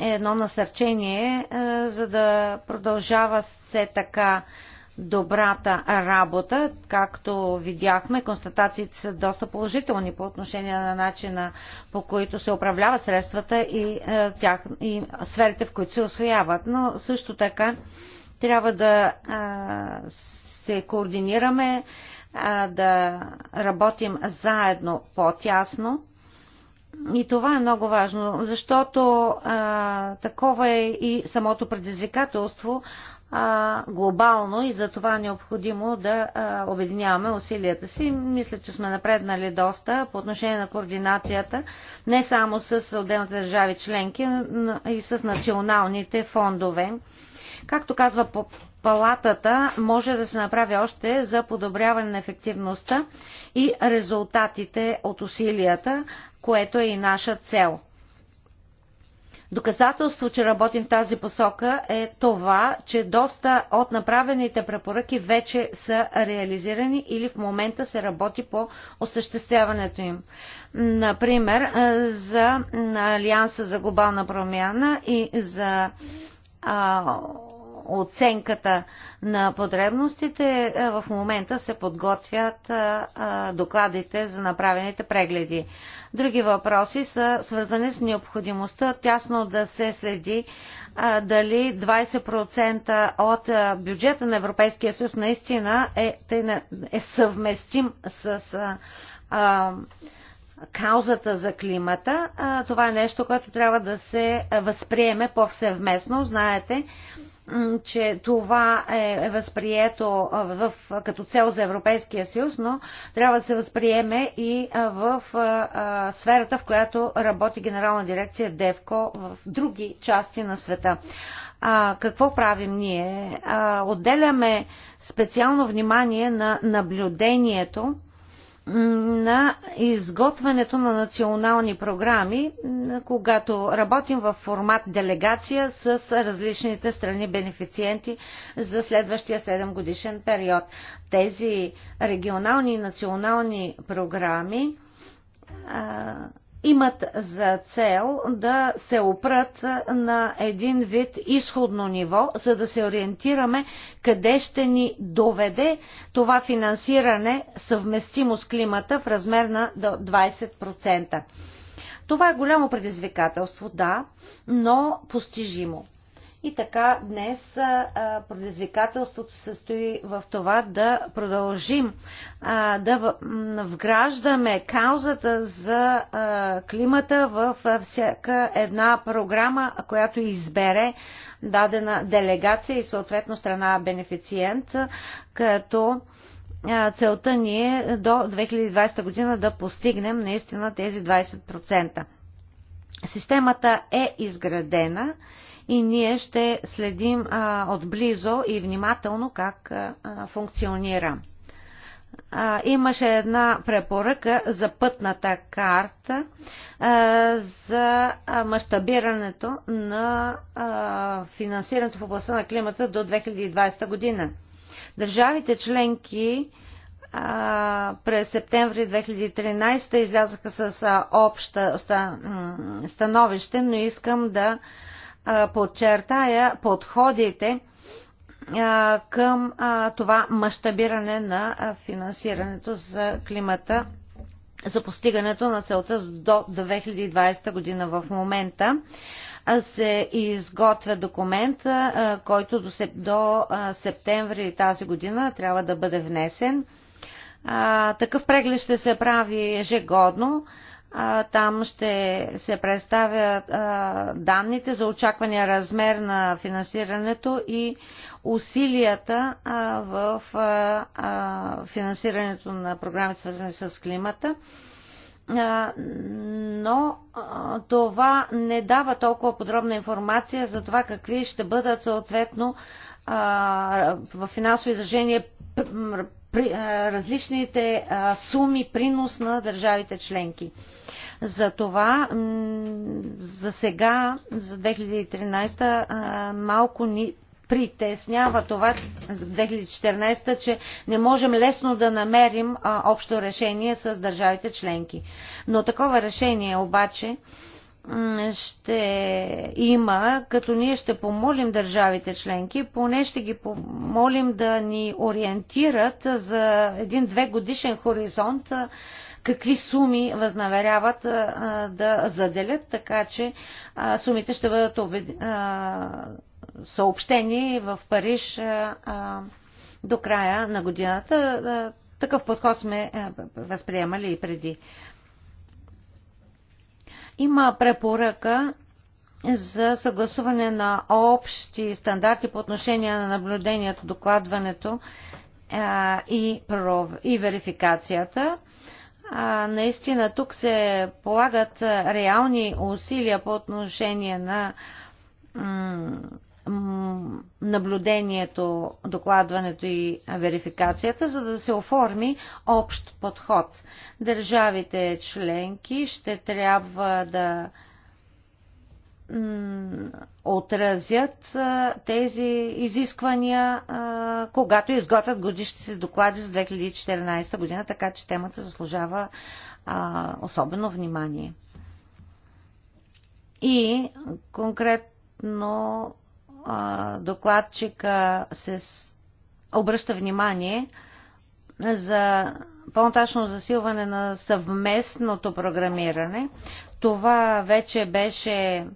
е едно насърчение, е, за да продължава все така добрата работа. Както видяхме, констатациите са доста положителни по отношение на начина по който се управляват средствата и, е, тях, и сферите, в които се освояват. Но също така трябва да се координираме, да работим заедно по-тясно и това е много важно, защото а, такова е и самото предизвикателство а, глобално и за това е необходимо да а, обединяваме усилията си. Мисля, че сме напреднали доста по отношение на координацията, не само с отделните държави членки, но и с националните фондове. Както казва палатата може да се направи още за подобряване на ефективността и резултатите от усилията, което е и наша цел. Доказателство, че работим в тази посока е това, че доста от направените препоръки вече са реализирани или в момента се работи по осъществяването им. Например, за Алианса за глобална промяна и за а, оценката на потребностите, е, в момента се подготвят е, е, докладите за направените прегледи. Други въпроси са свързани с необходимостта тясно да се следи дали 20% от бюджета на Европейския съюз наистина е, е съвместим с каузата за климата. Това е нещо, което трябва да се възприеме повсеместно. Знаете, че това е, е възприето в, като цел за Европейския съюз, но трябва да се възприеме и в сферата, в която работи Генерална дирекция ДЕВКО в други части на света. А, какво правим ние? А, отделяме специално внимание на наблюдението на изготвянето на национални програми, когато работим в формат делегация с различните страни бенефициенти за следващия 7 годишен период. Тези регионални и национални програми имат за цел да се опрат на един вид изходно ниво, за да се ориентираме къде ще ни доведе това финансиране съвместимо с климата в размер на 20%. Това е голямо предизвикателство, да, но постижимо. И така днес предизвикателството се стои в това да продължим да вграждаме каузата за климата в всяка една програма, която избере дадена делегация и съответно страна бенефициент, като целта ни е до 2020 година да постигнем наистина тези 20%. Системата е изградена и ние ще следим а, отблизо и внимателно как а, функционира. А, имаше една препоръка за пътната карта а, за мащабирането на а, финансирането в областта на климата до 2020 година. Държавите членки през септември 2013 излязаха с обща становище, но искам да подчертая подходите към това мащабиране на финансирането за климата за постигането на целта до 2020 година. В момента се изготвя документ, който до септември тази година трябва да бъде внесен. Такъв преглед ще се прави ежегодно там ще се представят данните за очаквания размер на финансирането и усилията в финансирането на програмите, свързани с климата. Но това не дава толкова подробна информация за това какви ще бъдат съответно в финансово изражение при, а, различните а, суми принос на държавите членки. За това за сега, за 2013, малко ни притеснява това за 2014, че не можем лесно да намерим общо решение с държавите членки. Но такова решение обаче ще има, като ние ще помолим държавите членки, поне ще ги помолим да ни ориентират за един-две годишен хоризонт какви суми възнаверяват да заделят, така че сумите ще бъдат съобщени в Париж до края на годината. Такъв подход сме възприемали и преди. Има препоръка за съгласуване на общи стандарти по отношение на наблюдението, докладването и, верификацията. наистина тук се полагат реални усилия по отношение на наблюдението, докладването и верификацията, за да се оформи общ подход. Държавите членки ще трябва да отразят тези изисквания, когато изготвят годишните си доклади за 2014 година, така че темата заслужава особено внимание. И конкретно докладчика се обръща внимание за по-нататъчно засилване на съвместното програмиране. Това вече беше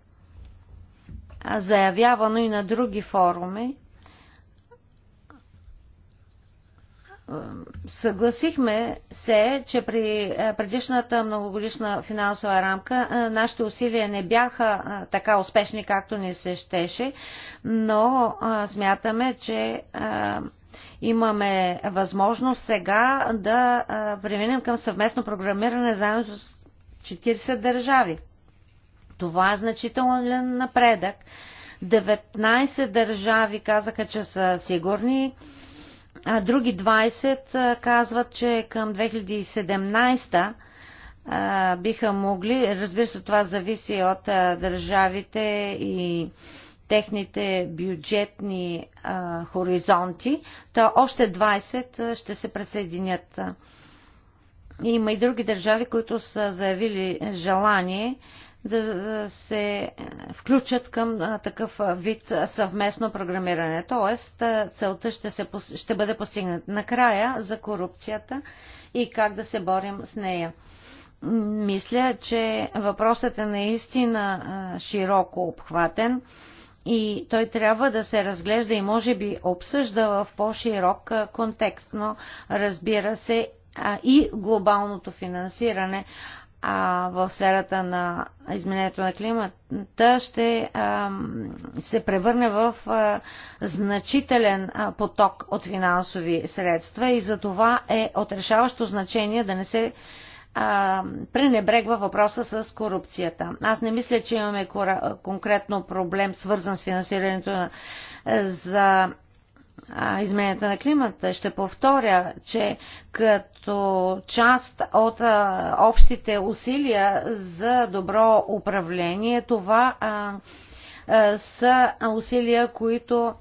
заявявано и на други форуми. Съгласихме се, че при е, предишната многогодишна финансова рамка е, нашите усилия не бяха е, така успешни, както ни се щеше, но смятаме, че имаме възможност сега да преминем към съвместно програмиране заедно с 40 държави. Това е значителен напредък. 19 държави казаха, че са сигурни а други 20 казват, че към 2017 биха могли. Разбира се, това зависи от държавите и техните бюджетни а, хоризонти, та още 20 ще се присъединят. Има и други държави, които са заявили желание да се е, включат към е, такъв е, вид съвместно програмиране. Тоест, целта ще, се, ще бъде постигната накрая за корупцията и как да се борим с нея. Мисля, че въпросът е наистина широко обхватен и той трябва да се разглежда и може би обсъжда в по-широк контекст, но разбира се и глобалното финансиране а, в сферата на изменението на климата ще а, се превърне в а, значителен а, поток от финансови средства и за това е отрешаващо значение да не се а, пренебрегва въпроса с корупцията. Аз не мисля, че имаме конкретно проблем свързан с финансирането на за измененията на климата. Ще повторя, че като част от а, общите усилия за добро управление, това а, а, са усилия, които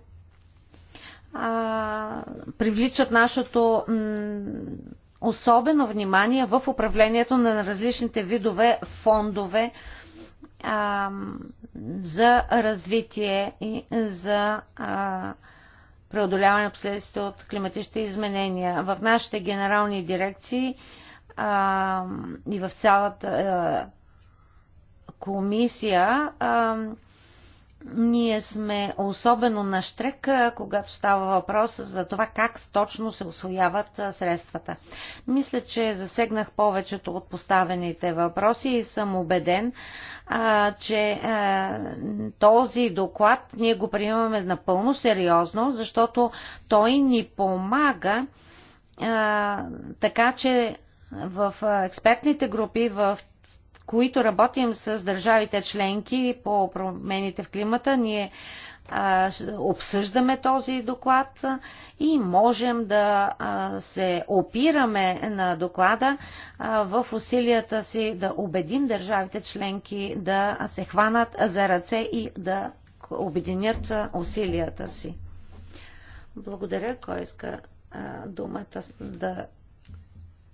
а, привличат нашето особено внимание в управлението на различните видове фондове а, за развитие и за а, преодоляване на последствията от климатичните изменения. В нашите генерални дирекции а, и в цялата а, комисия а, ние сме особено на штрек, когато става въпрос за това как точно се освояват средствата. Мисля, че засегнах повечето от поставените въпроси и съм убеден, че този доклад ние го приемаме напълно сериозно, защото той ни помага така, че в експертните групи в които работим с държавите членки по промените в климата. Ние обсъждаме този доклад и можем да се опираме на доклада в усилията си да убедим държавите членки да се хванат за ръце и да обединят усилията си. Благодаря, кой иска думата да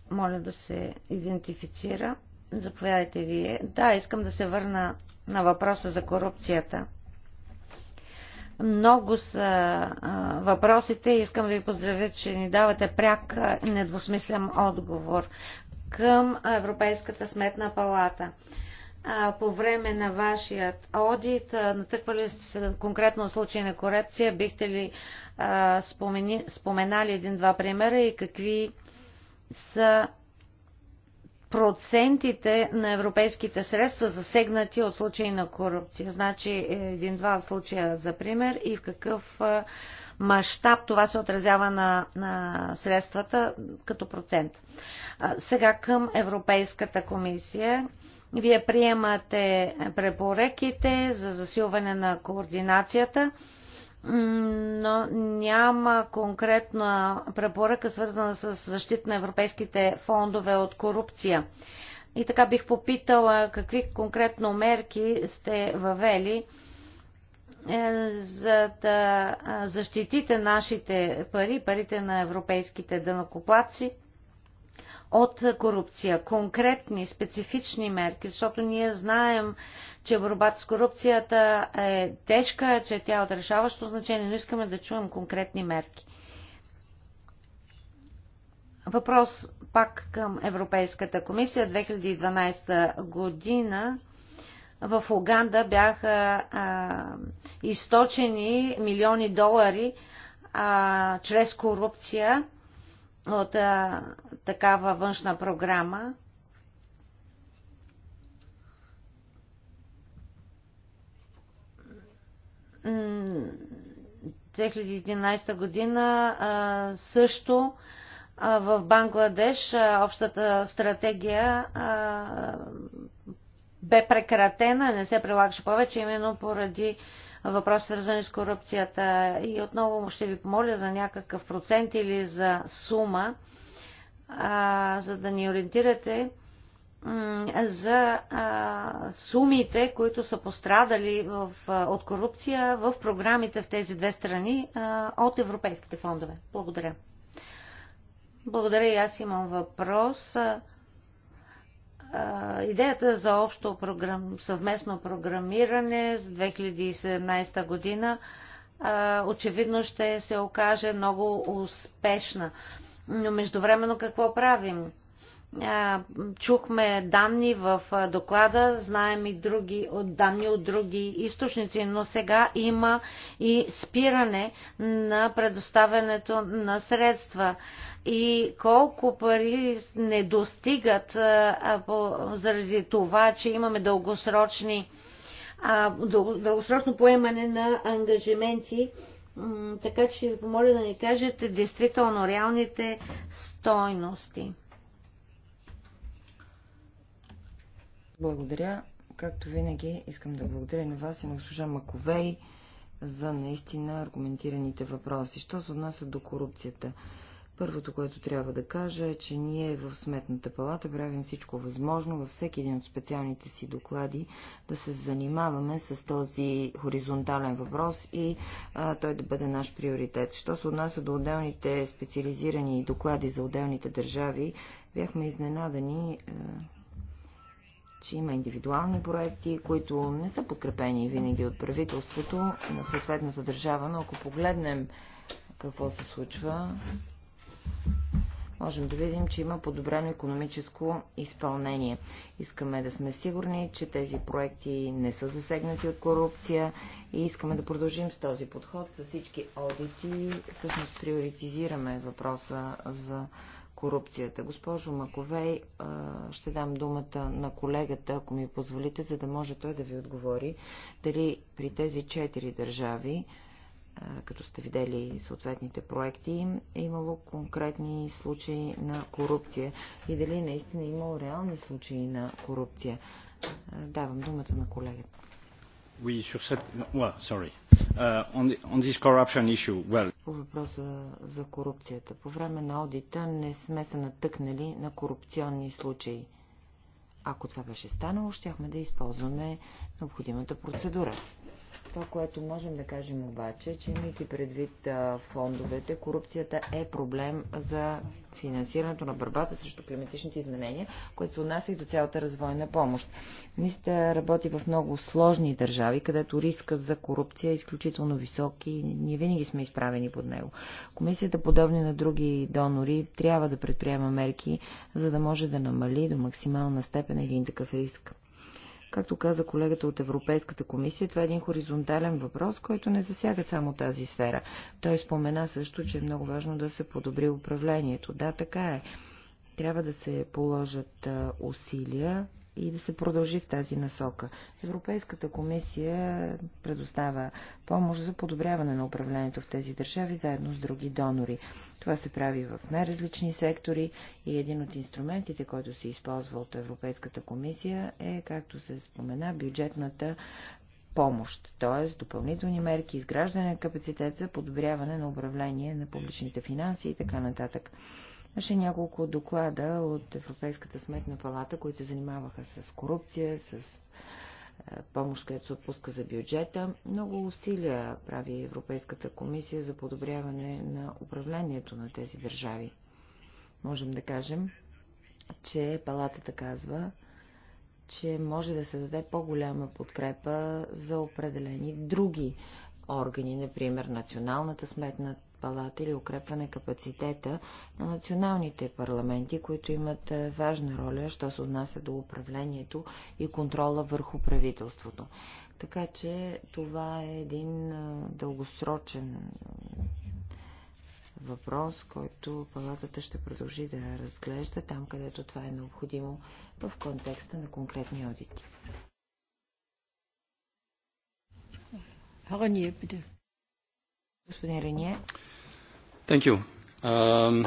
моля да се идентифицира. Заповядайте вие. Да, искам да се върна на въпроса за корупцията. Много са а, въпросите и искам да ви поздравя, че ни давате пряк недвусмислен отговор към Европейската сметна палата. А, по време на вашият одит, а, натъквали сте се конкретно случай на корупция, бихте ли а, спомени, споменали един-два примера и какви са процентите на европейските средства засегнати от случаи на корупция. Значи един-два случая за пример и в какъв мащаб това се отразява на, на средствата като процент. Сега към Европейската комисия. Вие приемате препоръките за засилване на координацията но няма конкретна препоръка, свързана с защита на европейските фондове от корупция. И така бих попитала какви конкретно мерки сте въвели, е, за да защитите нашите пари, парите на европейските дънакоплаци от корупция. Конкретни, специфични мерки, защото ние знаем, че борбата с корупцията е тежка, че тя е от решаващо значение, но искаме да чуем конкретни мерки. Въпрос пак към Европейската комисия. 2012 година в Уганда бяха а, източени милиони долари а, чрез корупция от а, такава външна програма. 2011 година също в Бангладеш общата стратегия бе прекратена, не се прилагаше повече, именно поради въпроси свързани с корупцията. И отново ще ви помоля за някакъв процент или за сума, за да ни ориентирате за а, сумите, които са пострадали в, а, от корупция в програмите в тези две страни а, от европейските фондове. Благодаря. Благодаря и аз имам въпрос. А, а, идеята за общо програм, съвместно програмиране с 2017 година а, очевидно ще се окаже много успешна. Но междувременно какво правим? Чухме данни в доклада, знаем и други от данни от други източници, но сега има и спиране на предоставянето на средства и колко пари не достигат заради това, че имаме дългосрочни дългосрочно поемане на ангажименти така че ви помоля да ни кажете действително реалните стойности. Благодаря. Както винаги, искам да благодаря на вас и на госпожа Маковей за наистина аргументираните въпроси. Що се отнася до корупцията? Първото, което трябва да кажа е, че ние в Сметната палата правим всичко възможно във всеки един от специалните си доклади да се занимаваме с този хоризонтален въпрос и а, той да бъде наш приоритет. Що се отнася до отделните специализирани доклади за отделните държави, бяхме изненадани. А, че има индивидуални проекти, които не са подкрепени винаги от правителството на съответната държава, но ако погледнем какво се случва, можем да видим, че има подобрено економическо изпълнение. Искаме да сме сигурни, че тези проекти не са засегнати от корупция и искаме да продължим с този подход, с всички одити. Всъщност приоритизираме въпроса за корупцията. Госпожо Маковей, ще дам думата на колегата, ако ми позволите, за да може той да ви отговори дали при тези четири държави, като сте видели съответните проекти, е имало конкретни случаи на корупция и дали наистина е имало реални случаи на корупция. Давам думата на колегата. Oui, sur cette... well, sorry. Uh, on, the, on this corruption issue, well по въпроса за корупцията. По време на одита не сме се натъкнали на корупционни случаи. Ако това беше станало, щяхме да използваме необходимата процедура. Това, което можем да кажем обаче, че имайки предвид фондовете, корупцията е проблем за финансирането на борбата срещу климатичните изменения, което се отнася и до цялата развойна помощ. Мисля, работи в много сложни държави, където риска за корупция е изключително висок и ние винаги сме изправени под него. Комисията, подобни на други донори, трябва да предприема мерки, за да може да намали до максимална степен един такъв риск. Както каза колегата от Европейската комисия, това е един хоризонтален въпрос, който не засяга само тази сфера. Той спомена също, че е много важно да се подобри управлението. Да, така е. Трябва да се положат усилия и да се продължи в тази насока. Европейската комисия предоставя помощ за подобряване на управлението в тези държави, заедно с други донори. Това се прави в най-различни сектори и един от инструментите, който се използва от Европейската комисия е, както се спомена, бюджетната помощ, т.е. допълнителни мерки, изграждане на капацитет за подобряване на управление на публичните финанси и така нататък. Имаше няколко доклада от Европейската сметна палата, които се занимаваха с корупция, с е, помощ, която се отпуска за бюджета. Много усилия прави Европейската комисия за подобряване на управлението на тези държави. Можем да кажем, че палатата казва, че може да се даде по-голяма подкрепа за определени други органи, например Националната сметна палата или укрепване капацитета на националните парламенти, които имат е, важна роля, що се отнася до управлението и контрола върху правителството. Така че това е един е, дългосрочен е, въпрос, който палатата ще продължи да разглежда там, където това е необходимо в контекста на конкретни одити. Господин Рене. Um,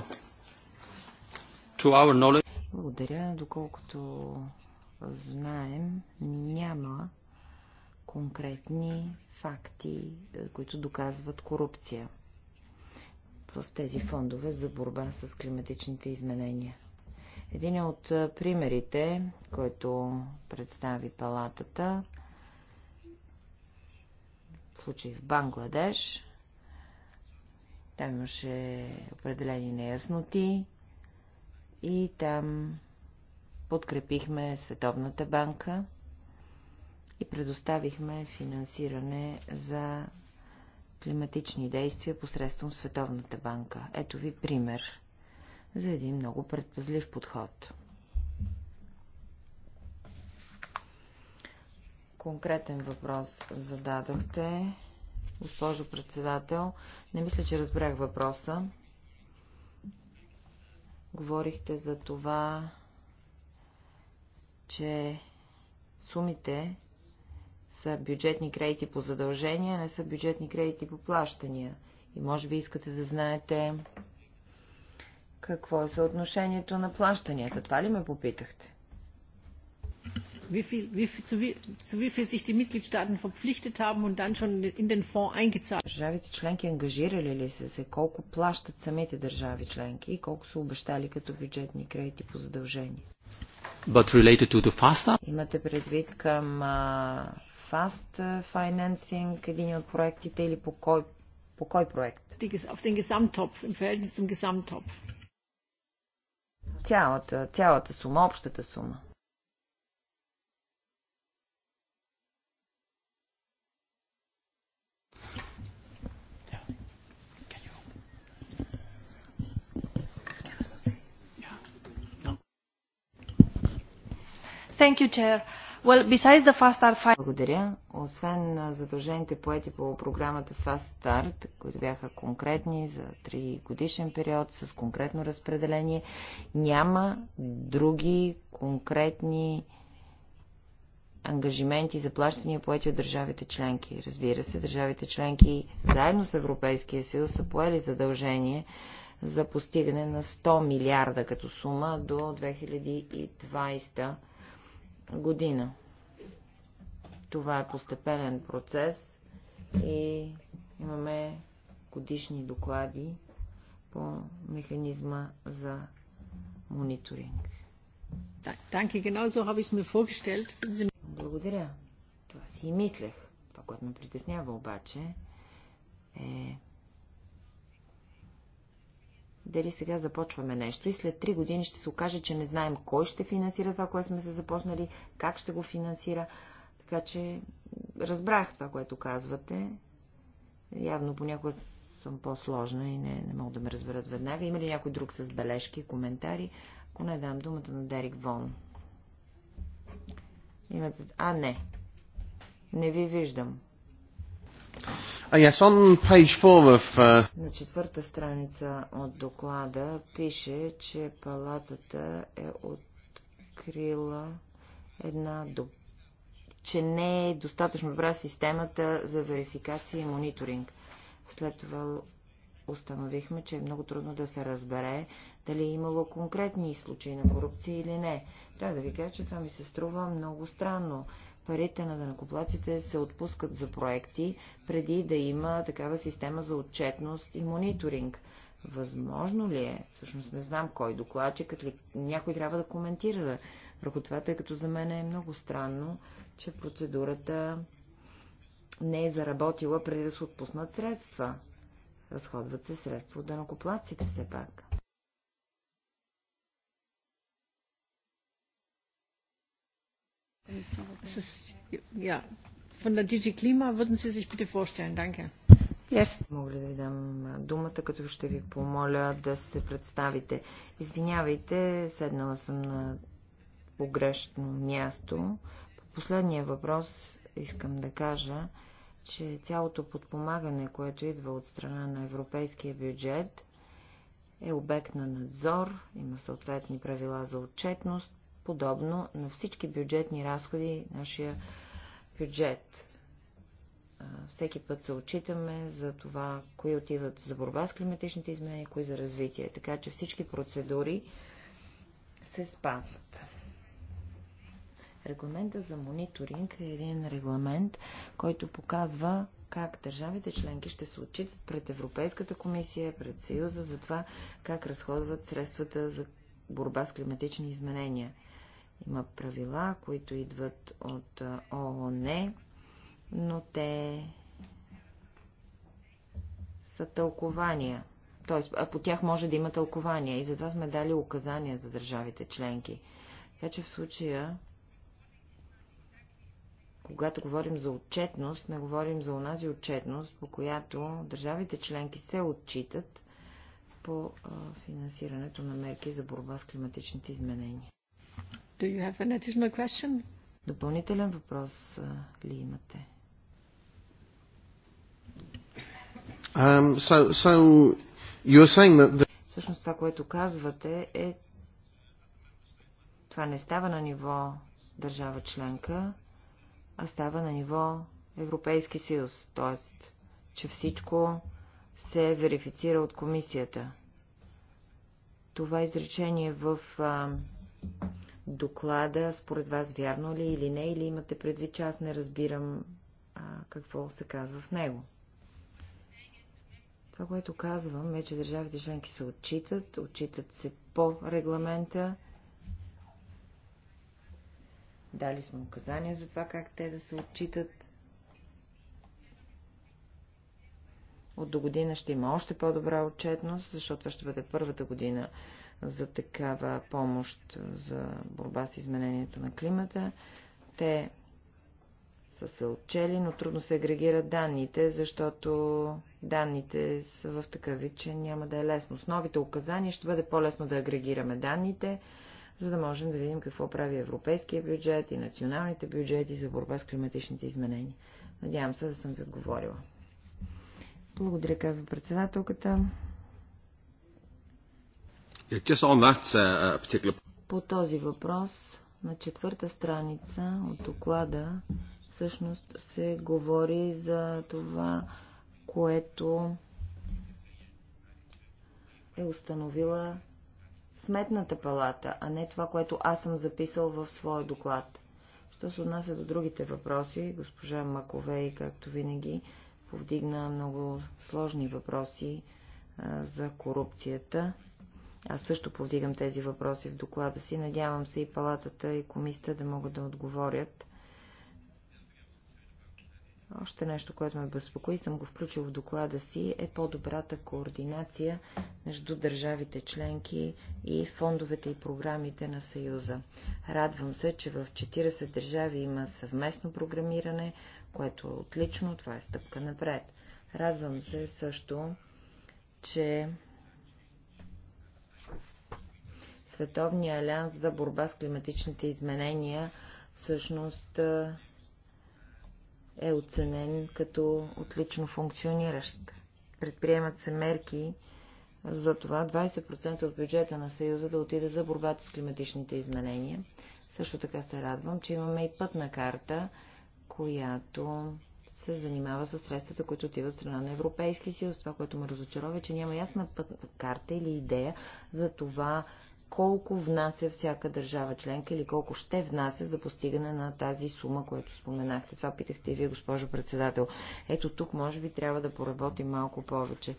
Благодаря. Доколкото знаем, няма конкретни факти, е, които доказват корупция в тези фондове за борба с климатичните изменения. Един от е, примерите, който представи палатата, в случай в Бангладеш, там имаше определени неясноти и там подкрепихме Световната банка и предоставихме финансиране за климатични действия посредством Световната банка. Ето ви пример за един много предпазлив подход. Конкретен въпрос зададохте госпожо председател. Не мисля, че разбрах въпроса. Говорихте за това, че сумите са бюджетни кредити по задължения, не са бюджетни кредити по плащания. И може би искате да знаете какво е съотношението на плащанията. Това ли ме попитахте? wie viel, wie viel, zu, wie, zu wie viel sich die Mitgliedstaaten verpflichtet haben und dann schon in den Fonds eingezahlt. Държавите членки ангажирали ли са се? Колко плащат самите държави членки и колко са обещали като бюджетни кредити по задължение? But related to the FASTA? Имате предвид към uh, Fast Financing, един от проектите или по кой, по кой проект? Auf den Gesamttopf, im Verhältnis zum Gesamttopf. Цялата, цялата сума, общата сума. Thank you, Chair. Well, besides the Fast Start Благодаря. Освен на задължените поети по програмата Fast Start, които бяха конкретни за 3 годишен период с конкретно разпределение, няма други конкретни ангажименти за плащания поети от държавите членки. Разбира се, държавите членки заедно с Европейския съюз са поели задължение за постигане на 100 милиарда като сума до 2020 година. Това е постепенен процес и имаме годишни доклади по механизма за мониторинг. Благодаря. Това си и мислех. Това, което ме притеснява обаче е дали сега започваме нещо и след три години ще се окаже, че не знаем кой ще финансира това, което сме се започнали, как ще го финансира. Така че разбрах това, което казвате. Явно понякога съм по-сложна и не, не мога да ме разберат веднага. Има ли някой друг с бележки, коментари? Ако не, дам думата на Дерик Вон. Имате... А, не. Не ви виждам. Uh, uh, на четвърта страница от доклада пише, че палатата е открила една до... че не е достатъчно добра системата за верификация и мониторинг. След това установихме, че е много трудно да се разбере дали е имало конкретни случаи на корупция или не. Трябва да ви кажа, че това ми се струва много странно парите на данакоплаците се отпускат за проекти, преди да има такава система за отчетност и мониторинг. Възможно ли е? Всъщност не знам кой докладчик, ли някой трябва да коментира върху това, тъй като за мен е много странно, че процедурата не е заработила преди да се отпуснат средства. Разходват се средства от данокоплаците все пак. Von der DG Klima würden Sie sich bitte vorstellen. Danke. Yes. Мога да ви дам думата, като ще ви помоля да се представите. Извинявайте, седнала съм на погрешно място. По последния въпрос искам да кажа, че цялото подпомагане, което идва от страна на европейския бюджет, е обект на надзор, има съответни правила за отчетност, подобно на всички бюджетни разходи нашия бюджет. Всеки път се отчитаме за това, кои отиват за борба с климатичните изменения, кои за развитие. Така че всички процедури се спазват. Регламента за мониторинг е един регламент, който показва как държавите членки ще се отчитат пред Европейската комисия, пред Съюза за това как разходват средствата за борба с климатични изменения. Има правила, които идват от ООН, но те са тълкования. Тоест, а по тях може да има тълкования. И затова сме дали указания за държавите членки. Така че в случая, когато говорим за отчетност, не говорим за онази отчетност, по която държавите членки се отчитат по финансирането на мерки за борба с климатичните изменения. Do you have an additional question? Допълнителен въпрос ли имате? Um, so, so you are saying that the... Всъщност това, което казвате е, това не става на ниво държава членка, а става на ниво Европейски съюз, т.е. че всичко се верифицира от комисията. Това изречение в а, доклада, според вас вярно ли е или не, или имате предвид, че аз не разбирам а, какво се казва в него. Това, което казвам е, че държавите членки се отчитат, отчитат се по регламента. Дали сме указания за това как те да се отчитат. От до година ще има още по-добра отчетност, защото това ще бъде първата година за такава помощ за борба с изменението на климата. Те са се отчели, но трудно се агрегират данните, защото данните са в такъв вид, че няма да е лесно. С новите указания ще бъде по-лесно да агрегираме данните, за да можем да видим какво прави европейския бюджет и националните бюджети за борба с климатичните изменения. Надявам се да съм ви отговорила. Благодаря, казва председателката. Uh, uh, По този въпрос на четвърта страница от доклада всъщност се говори за това, което е установила Сметната палата, а не това, което аз съм записал в своя доклад. Що се отнася до другите въпроси, госпожа Маковей, както винаги, повдигна много сложни въпроси за корупцията. Аз също повдигам тези въпроси в доклада си. Надявам се и палатата и комисията да могат да отговорят още нещо, което ме безпокои, съм го включил в доклада си, е по-добрата координация между държавите членки и фондовете и програмите на Съюза. Радвам се, че в 40 държави има съвместно програмиране, което е отлично, това е стъпка напред. Радвам се също, че Световния алианс за борба с климатичните изменения всъщност е оценен като отлично функциониращ. Предприемат се мерки за това 20% от бюджета на Съюза да отиде за борбата с климатичните изменения. Също така се радвам, че имаме и пътна карта, която се занимава с средствата, които отиват от страна на Европейския съюз. Това, което ме разочарова, е, че няма ясна пътна карта или идея за това колко внася всяка държава членка или колко ще внася за постигане на тази сума, която споменахте. Това питахте и вие, госпожо председател. Ето тук, може би, трябва да поработим малко повече.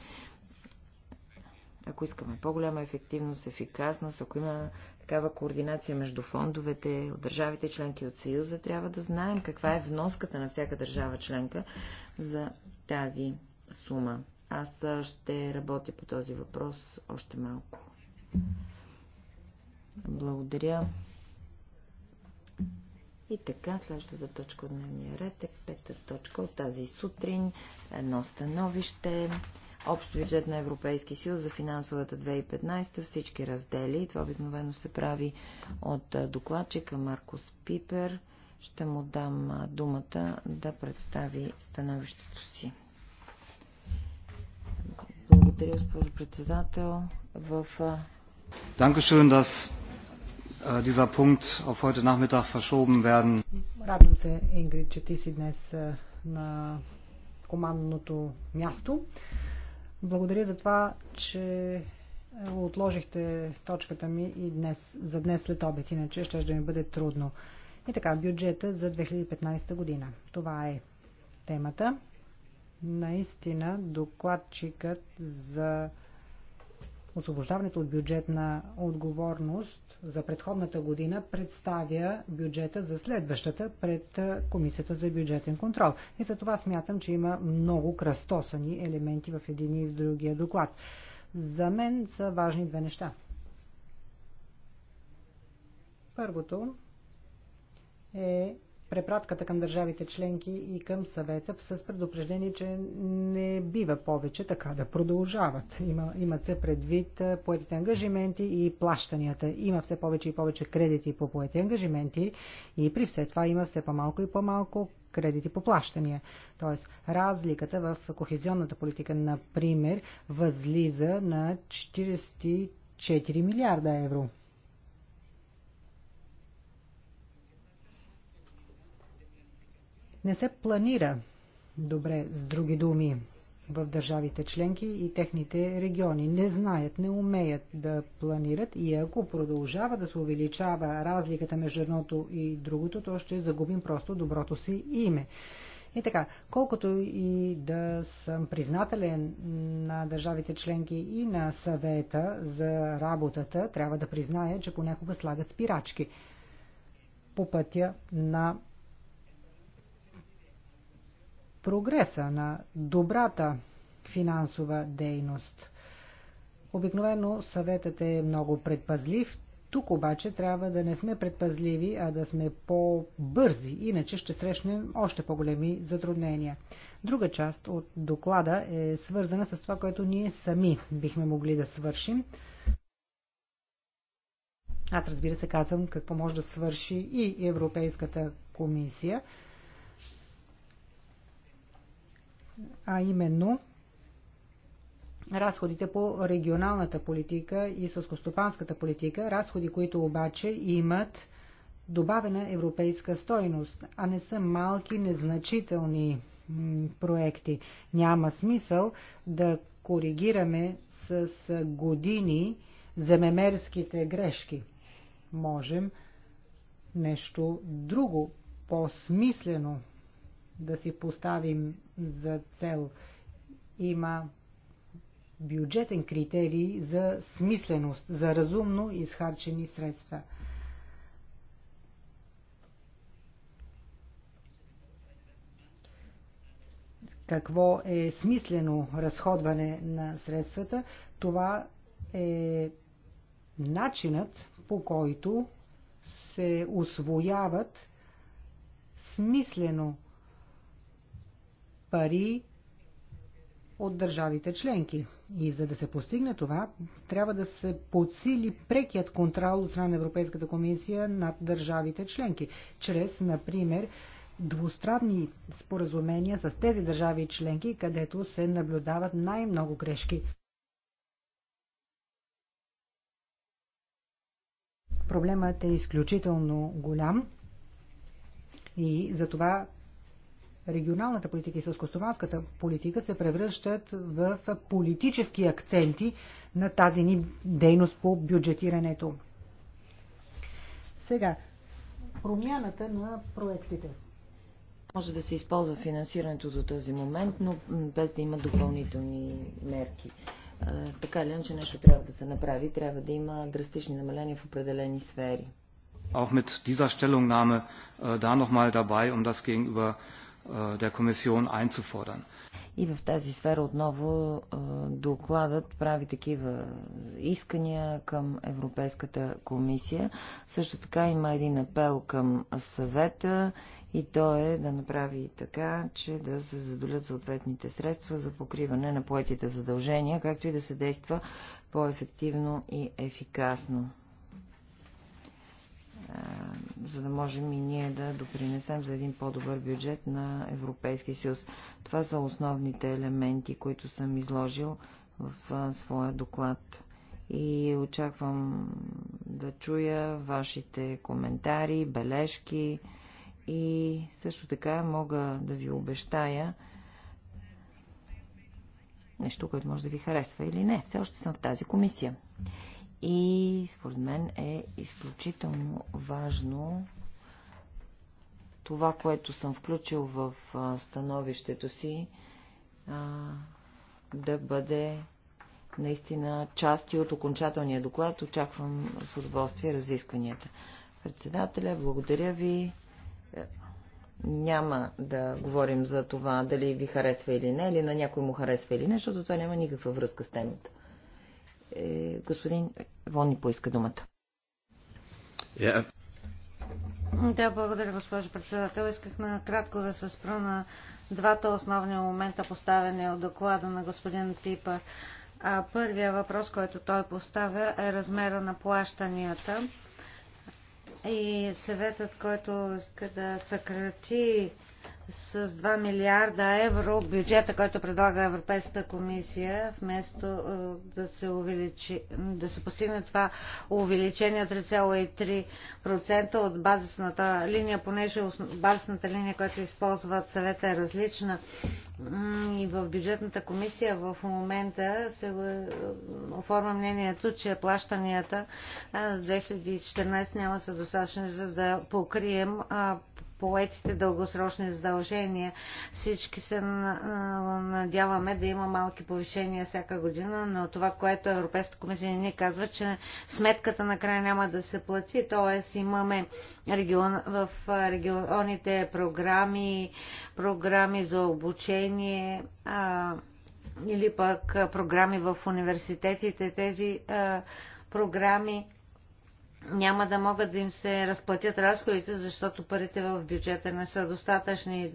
Ако искаме по-голяма ефективност, ефикасност, ако има такава координация между фондовете, от държавите членки от Съюза, трябва да знаем каква е вноската на всяка държава членка за тази сума. Аз ще работя по този въпрос още малко. Благодаря. И така, следващата точка от дневния ред е пета точка от тази сутрин. Едно становище. Общо бюджет на Европейски съюз за финансовата 2015, всички раздели. Това обикновено се прави от докладчика Маркус Пипер. Ще му дам думата да представи становището си. Благодаря, госпожо председател. В... dass Äh, dieser Punkt auf heute Nachmittag verschoben werden. Радвам се, че ти си днес е, на командното място. Благодаря за това, че е, отложихте точката ми и днес, за днес след обед, иначе ще да ми бъде трудно. И така, бюджета за 2015 година. Това е темата. Наистина, докладчикът за освобождаването от бюджетна отговорност за предходната година представя бюджета за следващата пред Комисията за бюджетен контрол. И за това смятам, че има много кръстосани елементи в един и в другия доклад. За мен са важни две неща. Първото е препратката към държавите членки и към съвета с предупреждение, че не бива повече така да продължават. Има, имат се предвид поетите ангажименти и плащанията. Има все повече и повече кредити по поети ангажименти и при все това има все по-малко и по-малко кредити по плащания. Тоест, разликата в кохезионната политика, например, възлиза на 44 милиарда евро. не се планира добре, с други думи, в държавите членки и техните региони. Не знаят, не умеят да планират и ако продължава да се увеличава разликата между едното и другото, то ще загубим просто доброто си име. И така, колкото и да съм признателен на държавите членки и на съвета за работата, трябва да призная, че понякога слагат спирачки по пътя на прогреса, на добрата финансова дейност. Обикновено съветът е много предпазлив, тук обаче трябва да не сме предпазливи, а да сме по-бързи, иначе ще срещнем още по-големи затруднения. Друга част от доклада е свързана с това, което ние сами бихме могли да свършим. Аз разбира се казвам какво може да свърши и Европейската комисия а именно разходите по регионалната политика и сълскостопанската политика, разходи, които обаче имат добавена европейска стойност, а не са малки, незначителни проекти. Няма смисъл да коригираме с години земемерските грешки. Можем нещо друго, по-смислено да си поставим за цел. Има бюджетен критерий за смисленост, за разумно изхарчени средства. Какво е смислено разходване на средствата? Това е начинът по който се освояват смислено пари от държавите членки. И за да се постигне това, трябва да се подсили прекият контрол от страна на Европейската комисия над държавите членки, чрез, например, двустранни споразумения с тези държави членки, където се наблюдават най-много грешки. Проблемът е изключително голям и за това регионалната политика и сълскостоманската политика се превръщат в политически акценти на тази ни дейност по бюджетирането. Сега, промяната на проектите. Може да се използва финансирането до този момент, но без да има допълнителни мерки. Така или иначе нещо трябва да се направи, трябва да има драстични намаления в определени сфери. Auch mit dieser Stellungnahme äh, da nochmal dabei, um das gegenüber äh, Äh, der Kommission einzufordern. И в тази сфера отново э, докладът прави такива искания към Европейската комисия. Също така има един апел към съвета и то е да направи така, че да се задолят съответните средства за покриване на поетите задължения, както и да се действа по-ефективно и ефикасно за да можем и ние да допринесем за един по-добър бюджет на Европейския съюз. Това са основните елементи, които съм изложил в своя доклад. И очаквам да чуя вашите коментари, бележки и също така мога да ви обещая нещо, което може да ви харесва или не. Все още съм в тази комисия. И според мен е изключително важно това, което съм включил в становището си, да бъде наистина части от окончателния доклад. Очаквам с удоволствие разискванията. Председателя, благодаря ви. Е, няма да говорим за това дали ви харесва или не, или на някой му харесва или не, защото това няма никаква връзка с темата. Е, господин ни поиска думата. Yeah. Да, благодаря, госпожо председател. Исках накратко да се спра на двата основни момента, поставени от доклада на господин Пипър. А първия въпрос, който той поставя, е размера на плащанията. И съветът, който иска да съкрати с 2 милиарда евро бюджета, който предлага Европейската комисия, вместо е, да се, увеличи, да се постигне това увеличение от 3,3% от базисната линия, понеже базисната линия, която използват съвета е различна. И в бюджетната комисия в момента се е, оформя мнението, че плащанията за е, 2014 няма са достатъчни, за да покрием поетите дългосрочни задължения. Всички се надяваме да има малки повишения всяка година, но това, което Европейската комисия ни казва, че сметката накрая няма да се плати, т.е. имаме регион, в регионите програми, програми за обучение, а, или пък програми в университетите, тези а, програми няма да могат да им се разплатят разходите, защото парите в бюджета не са достатъчни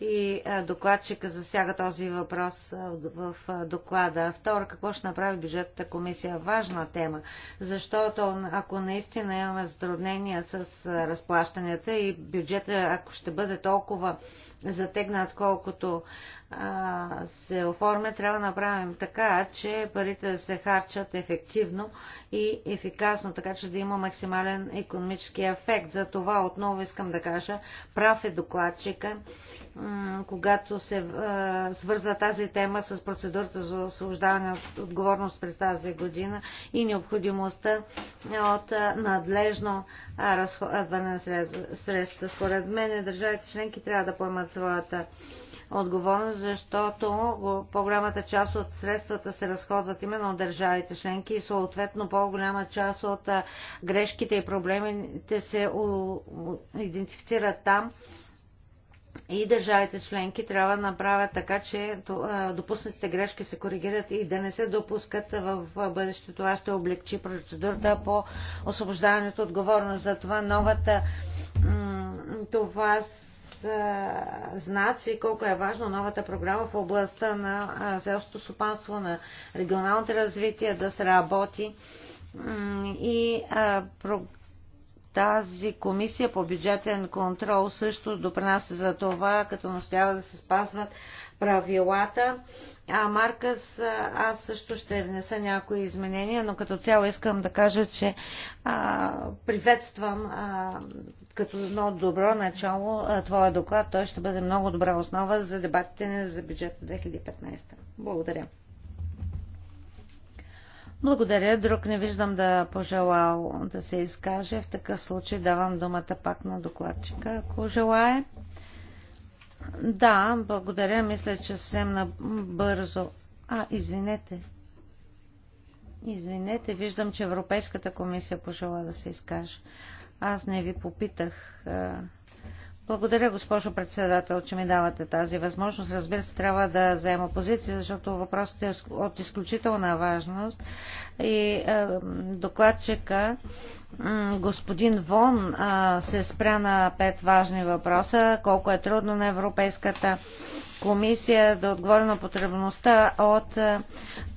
и докладчика засяга този въпрос в доклада. Второ, какво ще направи бюджетната комисия? Важна тема, защото ако наистина имаме затруднения с разплащанията и бюджета, ако ще бъде толкова затегнат колкото а, се оформя, трябва да направим така, че парите да се харчат ефективно и ефикасно, така че да има максимален економически ефект. За това отново искам да кажа, прав е докладчика, когато се а, свърза тази тема с процедурата за освобождаване от отговорност през тази година и необходимостта от надлежно разходване на средства. Според мен държавите членки трябва да поемат поемат своята отговорност, защото по-голямата част от средствата се разходват именно от държавите членки и съответно по-голяма част от грешките и проблемите се идентифицират там. И държавите членки трябва да направят така, че допуснатите грешки се коригират и да не се допускат в бъдеще. Това ще облегчи процедурата по освобождаването отговорност. Затова новата това е, знаци колко е важно новата програма в областта на е, селското стопанство, на регионалното развитие да се работи. И е, тази комисия по бюджетен контрол също допринася за това, като настоява да се спазват правилата. А Маркъс, аз също ще внеса някои изменения, но като цяло искам да кажа, че а, приветствам а, като едно добро начало а, твоя доклад. Той ще бъде много добра основа за дебатите ни за бюджета 2015. Благодаря. Благодаря. Друг не виждам да пожелал да се изкаже. В такъв случай давам думата пак на докладчика, ако желая. Да, благодаря. Мисля, че на набързо. А, извинете. Извинете, виждам, че Европейската комисия пожела да се изкаже. Аз не ви попитах а, благодаря, госпожо председател, че ми давате тази възможност. Разбира се, трябва да заема позиция, защото въпросът е от изключителна важност. И е, докладчика господин Вон е, се спря на пет важни въпроса. Колко е трудно на Европейската комисия да отговори на потребността от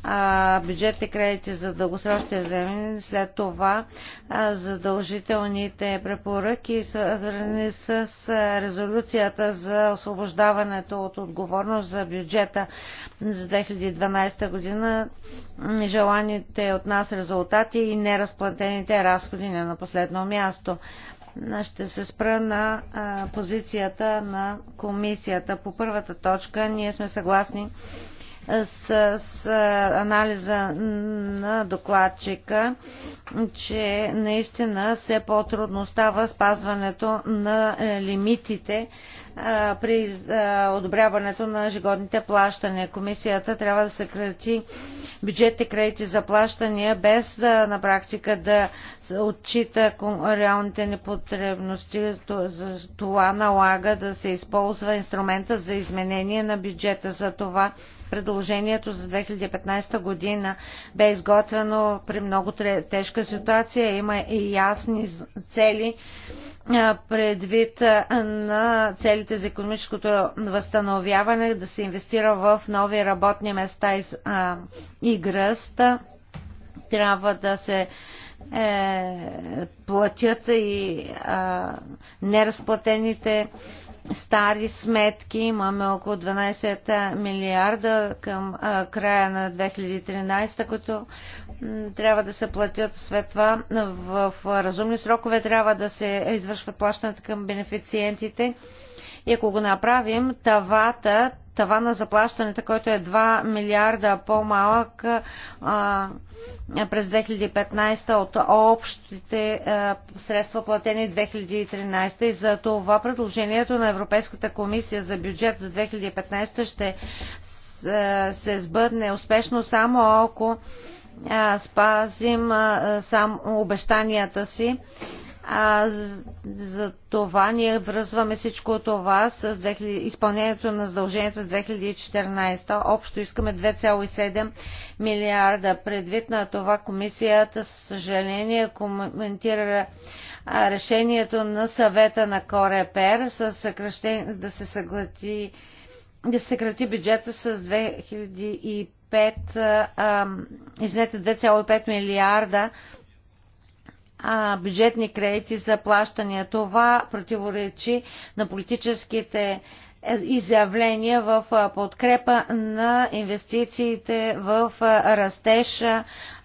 а, бюджетни кредити за дългосрочни вземания, след това а, задължителните препоръки, свързани с, а, резолюцията за освобождаването от отговорност за бюджета за 2012 година, желаните от нас резултати и неразплатените разходи не на последно място. Ще се спра на позицията на комисията. По първата точка ние сме съгласни с, с анализа на докладчика, че наистина все по-трудно става спазването на е, лимитите при одобряването на ежегодните плащания. Комисията трябва да съкрати бюджетни кредити за плащания, без да, на практика да отчита реалните непотребности. Това налага да се използва инструмента за изменение на бюджета. За това предложението за 2015 година бе изготвено при много тежка ситуация. Има и ясни цели предвид на целите за економическото възстановяване, да се инвестира в нови работни места и гръста, Трябва да се е, платят и а, неразплатените стари сметки. Имаме около 12 милиарда към а, края на 2013, които трябва да се платят. След това в, в разумни срокове трябва да се извършват плащането към бенефициентите. И ако го направим, тавата тавана на заплащането, който е 2 милиарда по-малък през 2015 от общите средства платени 2013 и за това предложението на Европейската комисия за бюджет за 2015 ще се сбъдне успешно само ако спазим сам обещанията си а, за това ние връзваме всичко това с 2000, изпълнението на задълженията с 2014. Общо искаме 2,7 милиарда. Предвид на това комисията, съжаление, коментира решението на съвета на Корепер с да се съглати да се съкрати бюджета с 2005, извинете, 2,5 милиарда а, бюджетни кредити за плащания. Това противоречи на политическите изявления в подкрепа на инвестициите в растеж,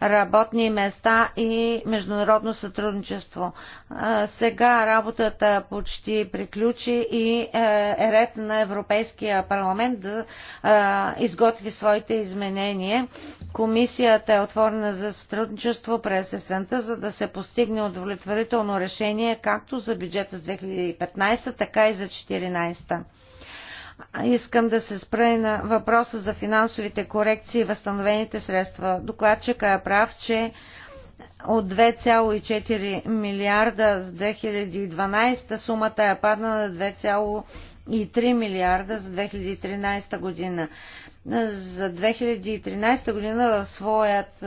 работни места и международно сътрудничество. Сега работата почти приключи и е ред на Европейския парламент да изготви своите изменения. Комисията е отворена за сътрудничество през есента, за да се постигне удовлетворително решение както за бюджета с 2015, така и за 2014. Искам да се спра и на въпроса за финансовите корекции и възстановените средства. Докладчика е прав, че от 2,4 е милиарда за 2012 сумата е падна на 2,3 милиарда за 2013 година. За 2013 година в своят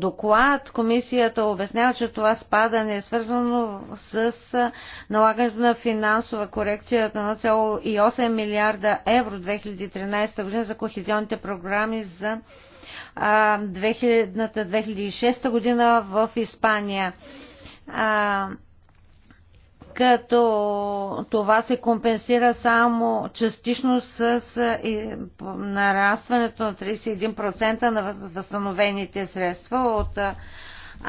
доклад комисията обяснява, че това спадане е свързано с налагането на финансова корекция на 1,8 милиарда евро 2013 година за кохезионните програми за 2006 година в Испания като това се компенсира само частично с е, нарастването на 31% на възстановените средства от е,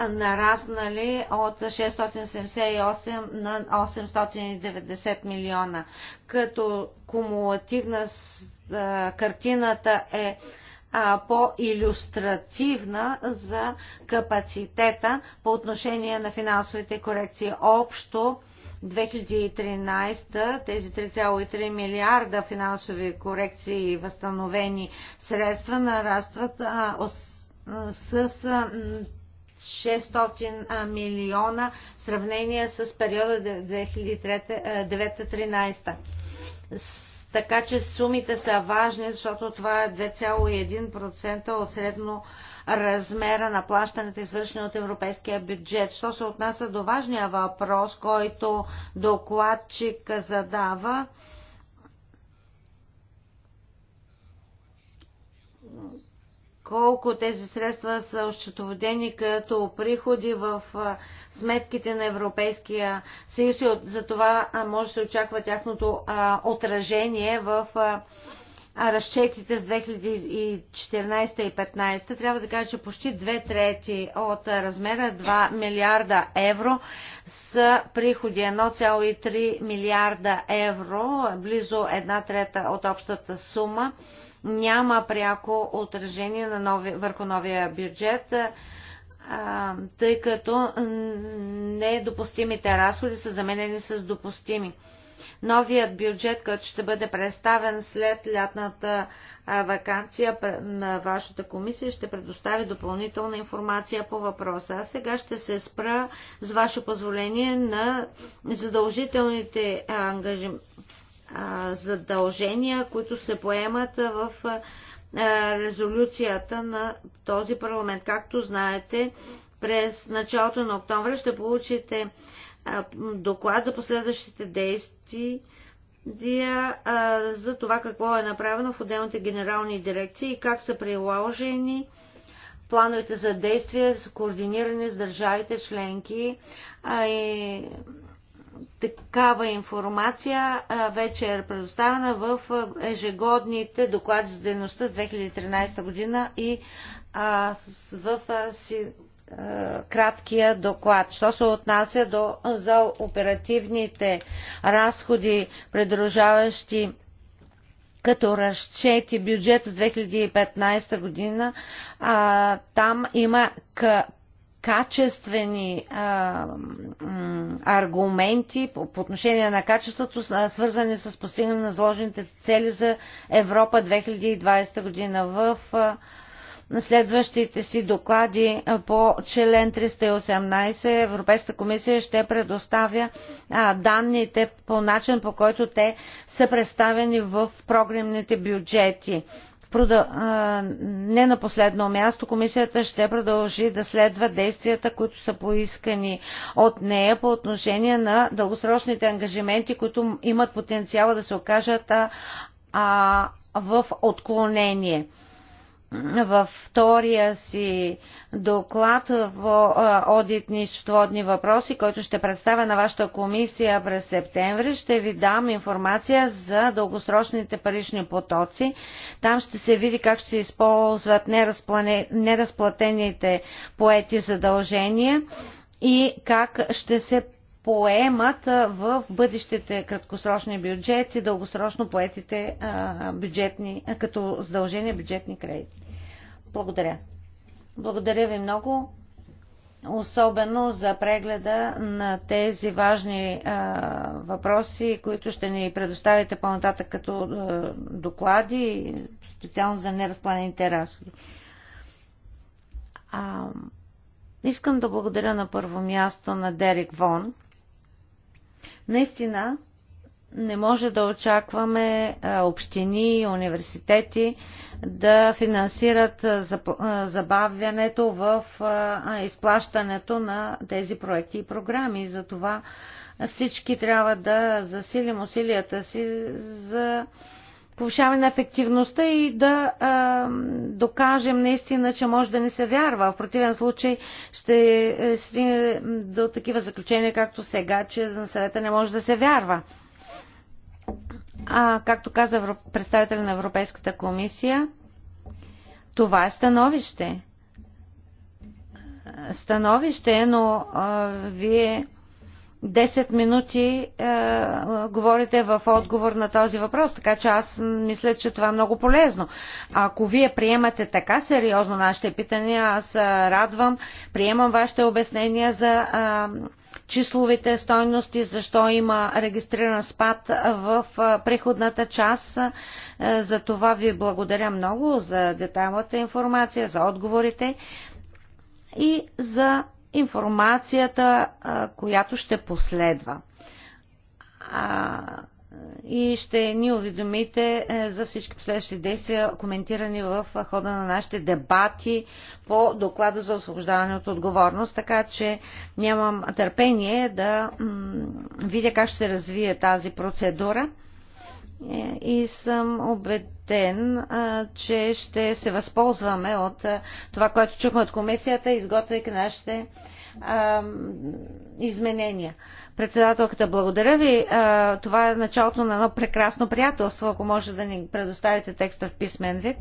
нараснали от 678 на 890 милиона. Като кумулативна е, картината е по-иллюстративна за капацитета по отношение на финансовите корекции. Общо 2013 тези 3,3 милиарда финансови корекции и възстановени средства нарастват а, с, с а, 600 милиона в сравнение с периода 2009-2013. Така че сумите са важни, защото това е 2,1% от средно размера на плащането, извършено от европейския бюджет. Що се отнася до важния въпрос, който докладчик задава, колко тези средства са ощетоводени като приходи в сметките на Европейския съюз и за това може да се очаква тяхното отражение в разчетите с 2014 и 2015, трябва да кажа, че почти две трети от размера 2 милиарда евро са приходи 1,3 милиарда евро, близо една трета от общата сума. Няма пряко отражение на нови, върху новия бюджет тъй като недопустимите разходи са заменени с допустими. Новият бюджет, който ще бъде представен след лятната вакансия на вашата комисия, ще предостави допълнителна информация по въпроса. А сега ще се спра, с ваше позволение, на задължителните задължения, които се поемат в резолюцията на този парламент. Както знаете, през началото на октомври ще получите доклад за последващите действия за това какво е направено в отделните генерални дирекции и как са приложени плановете за действие са координирани с държавите членки. А, и, такава информация вече е предоставена в ежегодните доклади за дейността с 2013 година и в краткия доклад. Що се отнася до, за оперативните разходи, придружаващи като разчети бюджет с 2015 година, а, там има качествени а, аргументи по, по отношение на качеството, свързани с постигане на заложените цели за Европа 2020 година. В а, на следващите си доклади по член 318 Европейската комисия ще предоставя данните по начин, по който те са представени в програмните бюджети. Не на последно място, комисията ще продължи да следва действията, които са поискани от нея по отношение на дългосрочните ангажименти, които имат потенциала да се окажат в отклонение във втория си доклад в одитни счетоводни въпроси, който ще представя на вашата комисия през септември. Ще ви дам информация за дългосрочните парични потоци. Там ще се види как ще се използват неразплатените поети задължения и как ще се поемат в бъдещите краткосрочни бюджети, дългосрочно поетите бюджетни, като задължения бюджетни кредити. Благодаря. Благодаря ви много, особено за прегледа на тези важни а, въпроси, които ще ни предоставите по-нататък като а, доклади, специално за неразпланените разходи. А, искам да благодаря на първо място на Дерек Вон. Наистина, не може да очакваме общини и университети да финансират забавянето в изплащането на тези проекти и програми. Затова всички трябва да засилим усилията си за повишаване на ефективността и да а, докажем наистина, че може да не се вярва. В противен случай ще е, стигне до такива заключения, както сега, че за съвета не може да се вярва. А, както каза представител на Европейската комисия, това е становище. Становище, но а, вие 10 минути е, говорите в отговор на този въпрос, така че аз мисля, че това е много полезно. Ако вие приемате така сериозно нашите питания, аз е, радвам, приемам вашите обяснения за е, числовите стойности, защо има регистриран спад в е, приходната част. Е, за това ви благодаря много за детайлната информация, за отговорите и за информацията, която ще последва. И ще ни уведомите е, за всички последващи действия, коментирани в хода на нашите дебати по доклада за освобождаване от отговорност, така че нямам търпение да видя как ще развие тази процедура и съм убеден, че ще се възползваме от това, което чухме от комисията, изготвяйки нашите изменения. Председателката, благодаря ви. Това е началото на едно прекрасно приятелство, ако може да ни предоставите текста в писмен вид.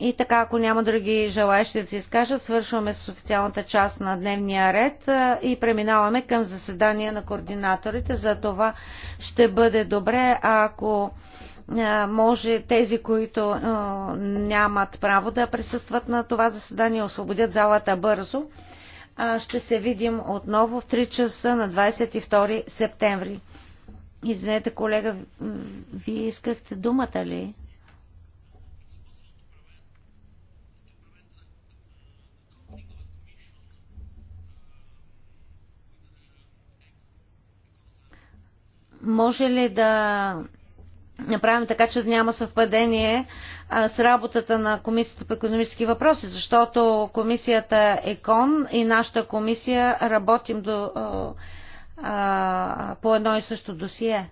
И така, ако няма други желаящи да се изкажат, свършваме с официалната част на дневния ред и преминаваме към заседание на координаторите. За това ще бъде добре, ако може тези, които нямат право да присъстват на това заседание, освободят залата бързо. Ще се видим отново в 3 часа на 22 септември. Извинете, колега, вие искахте думата ли? Може ли да направим така, че да няма съвпадение а, с работата на Комисията по економически въпроси, защото комисията ЕКОН и нашата комисия работим до, а, а, по едно и също досие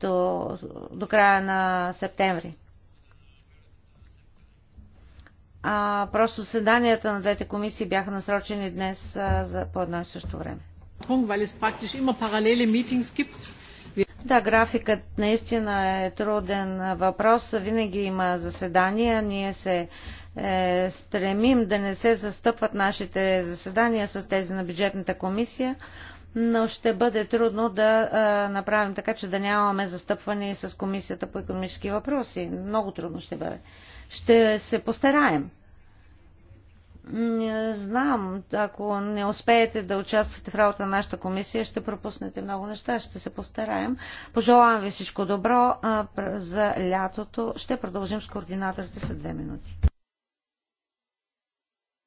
до, до края на септември. А, просто заседанията на двете комисии бяха насрочени днес а, за по едно и също време. Weil es praktisch immer parallele Meetings gibt да, графикът наистина е труден въпрос. Винаги има заседания. Ние се е, стремим да не се застъпват нашите заседания с тези на бюджетната комисия, но ще бъде трудно да е, направим така, че да нямаме застъпване с комисията по економически въпроси. Много трудно ще бъде. Ще се постараем. Не знам, ако не успеете да участвате в работа на нашата комисия, ще пропуснете много неща. Ще се постараем. Пожелавам ви всичко добро за лятото. Ще продължим с координаторите след две минути.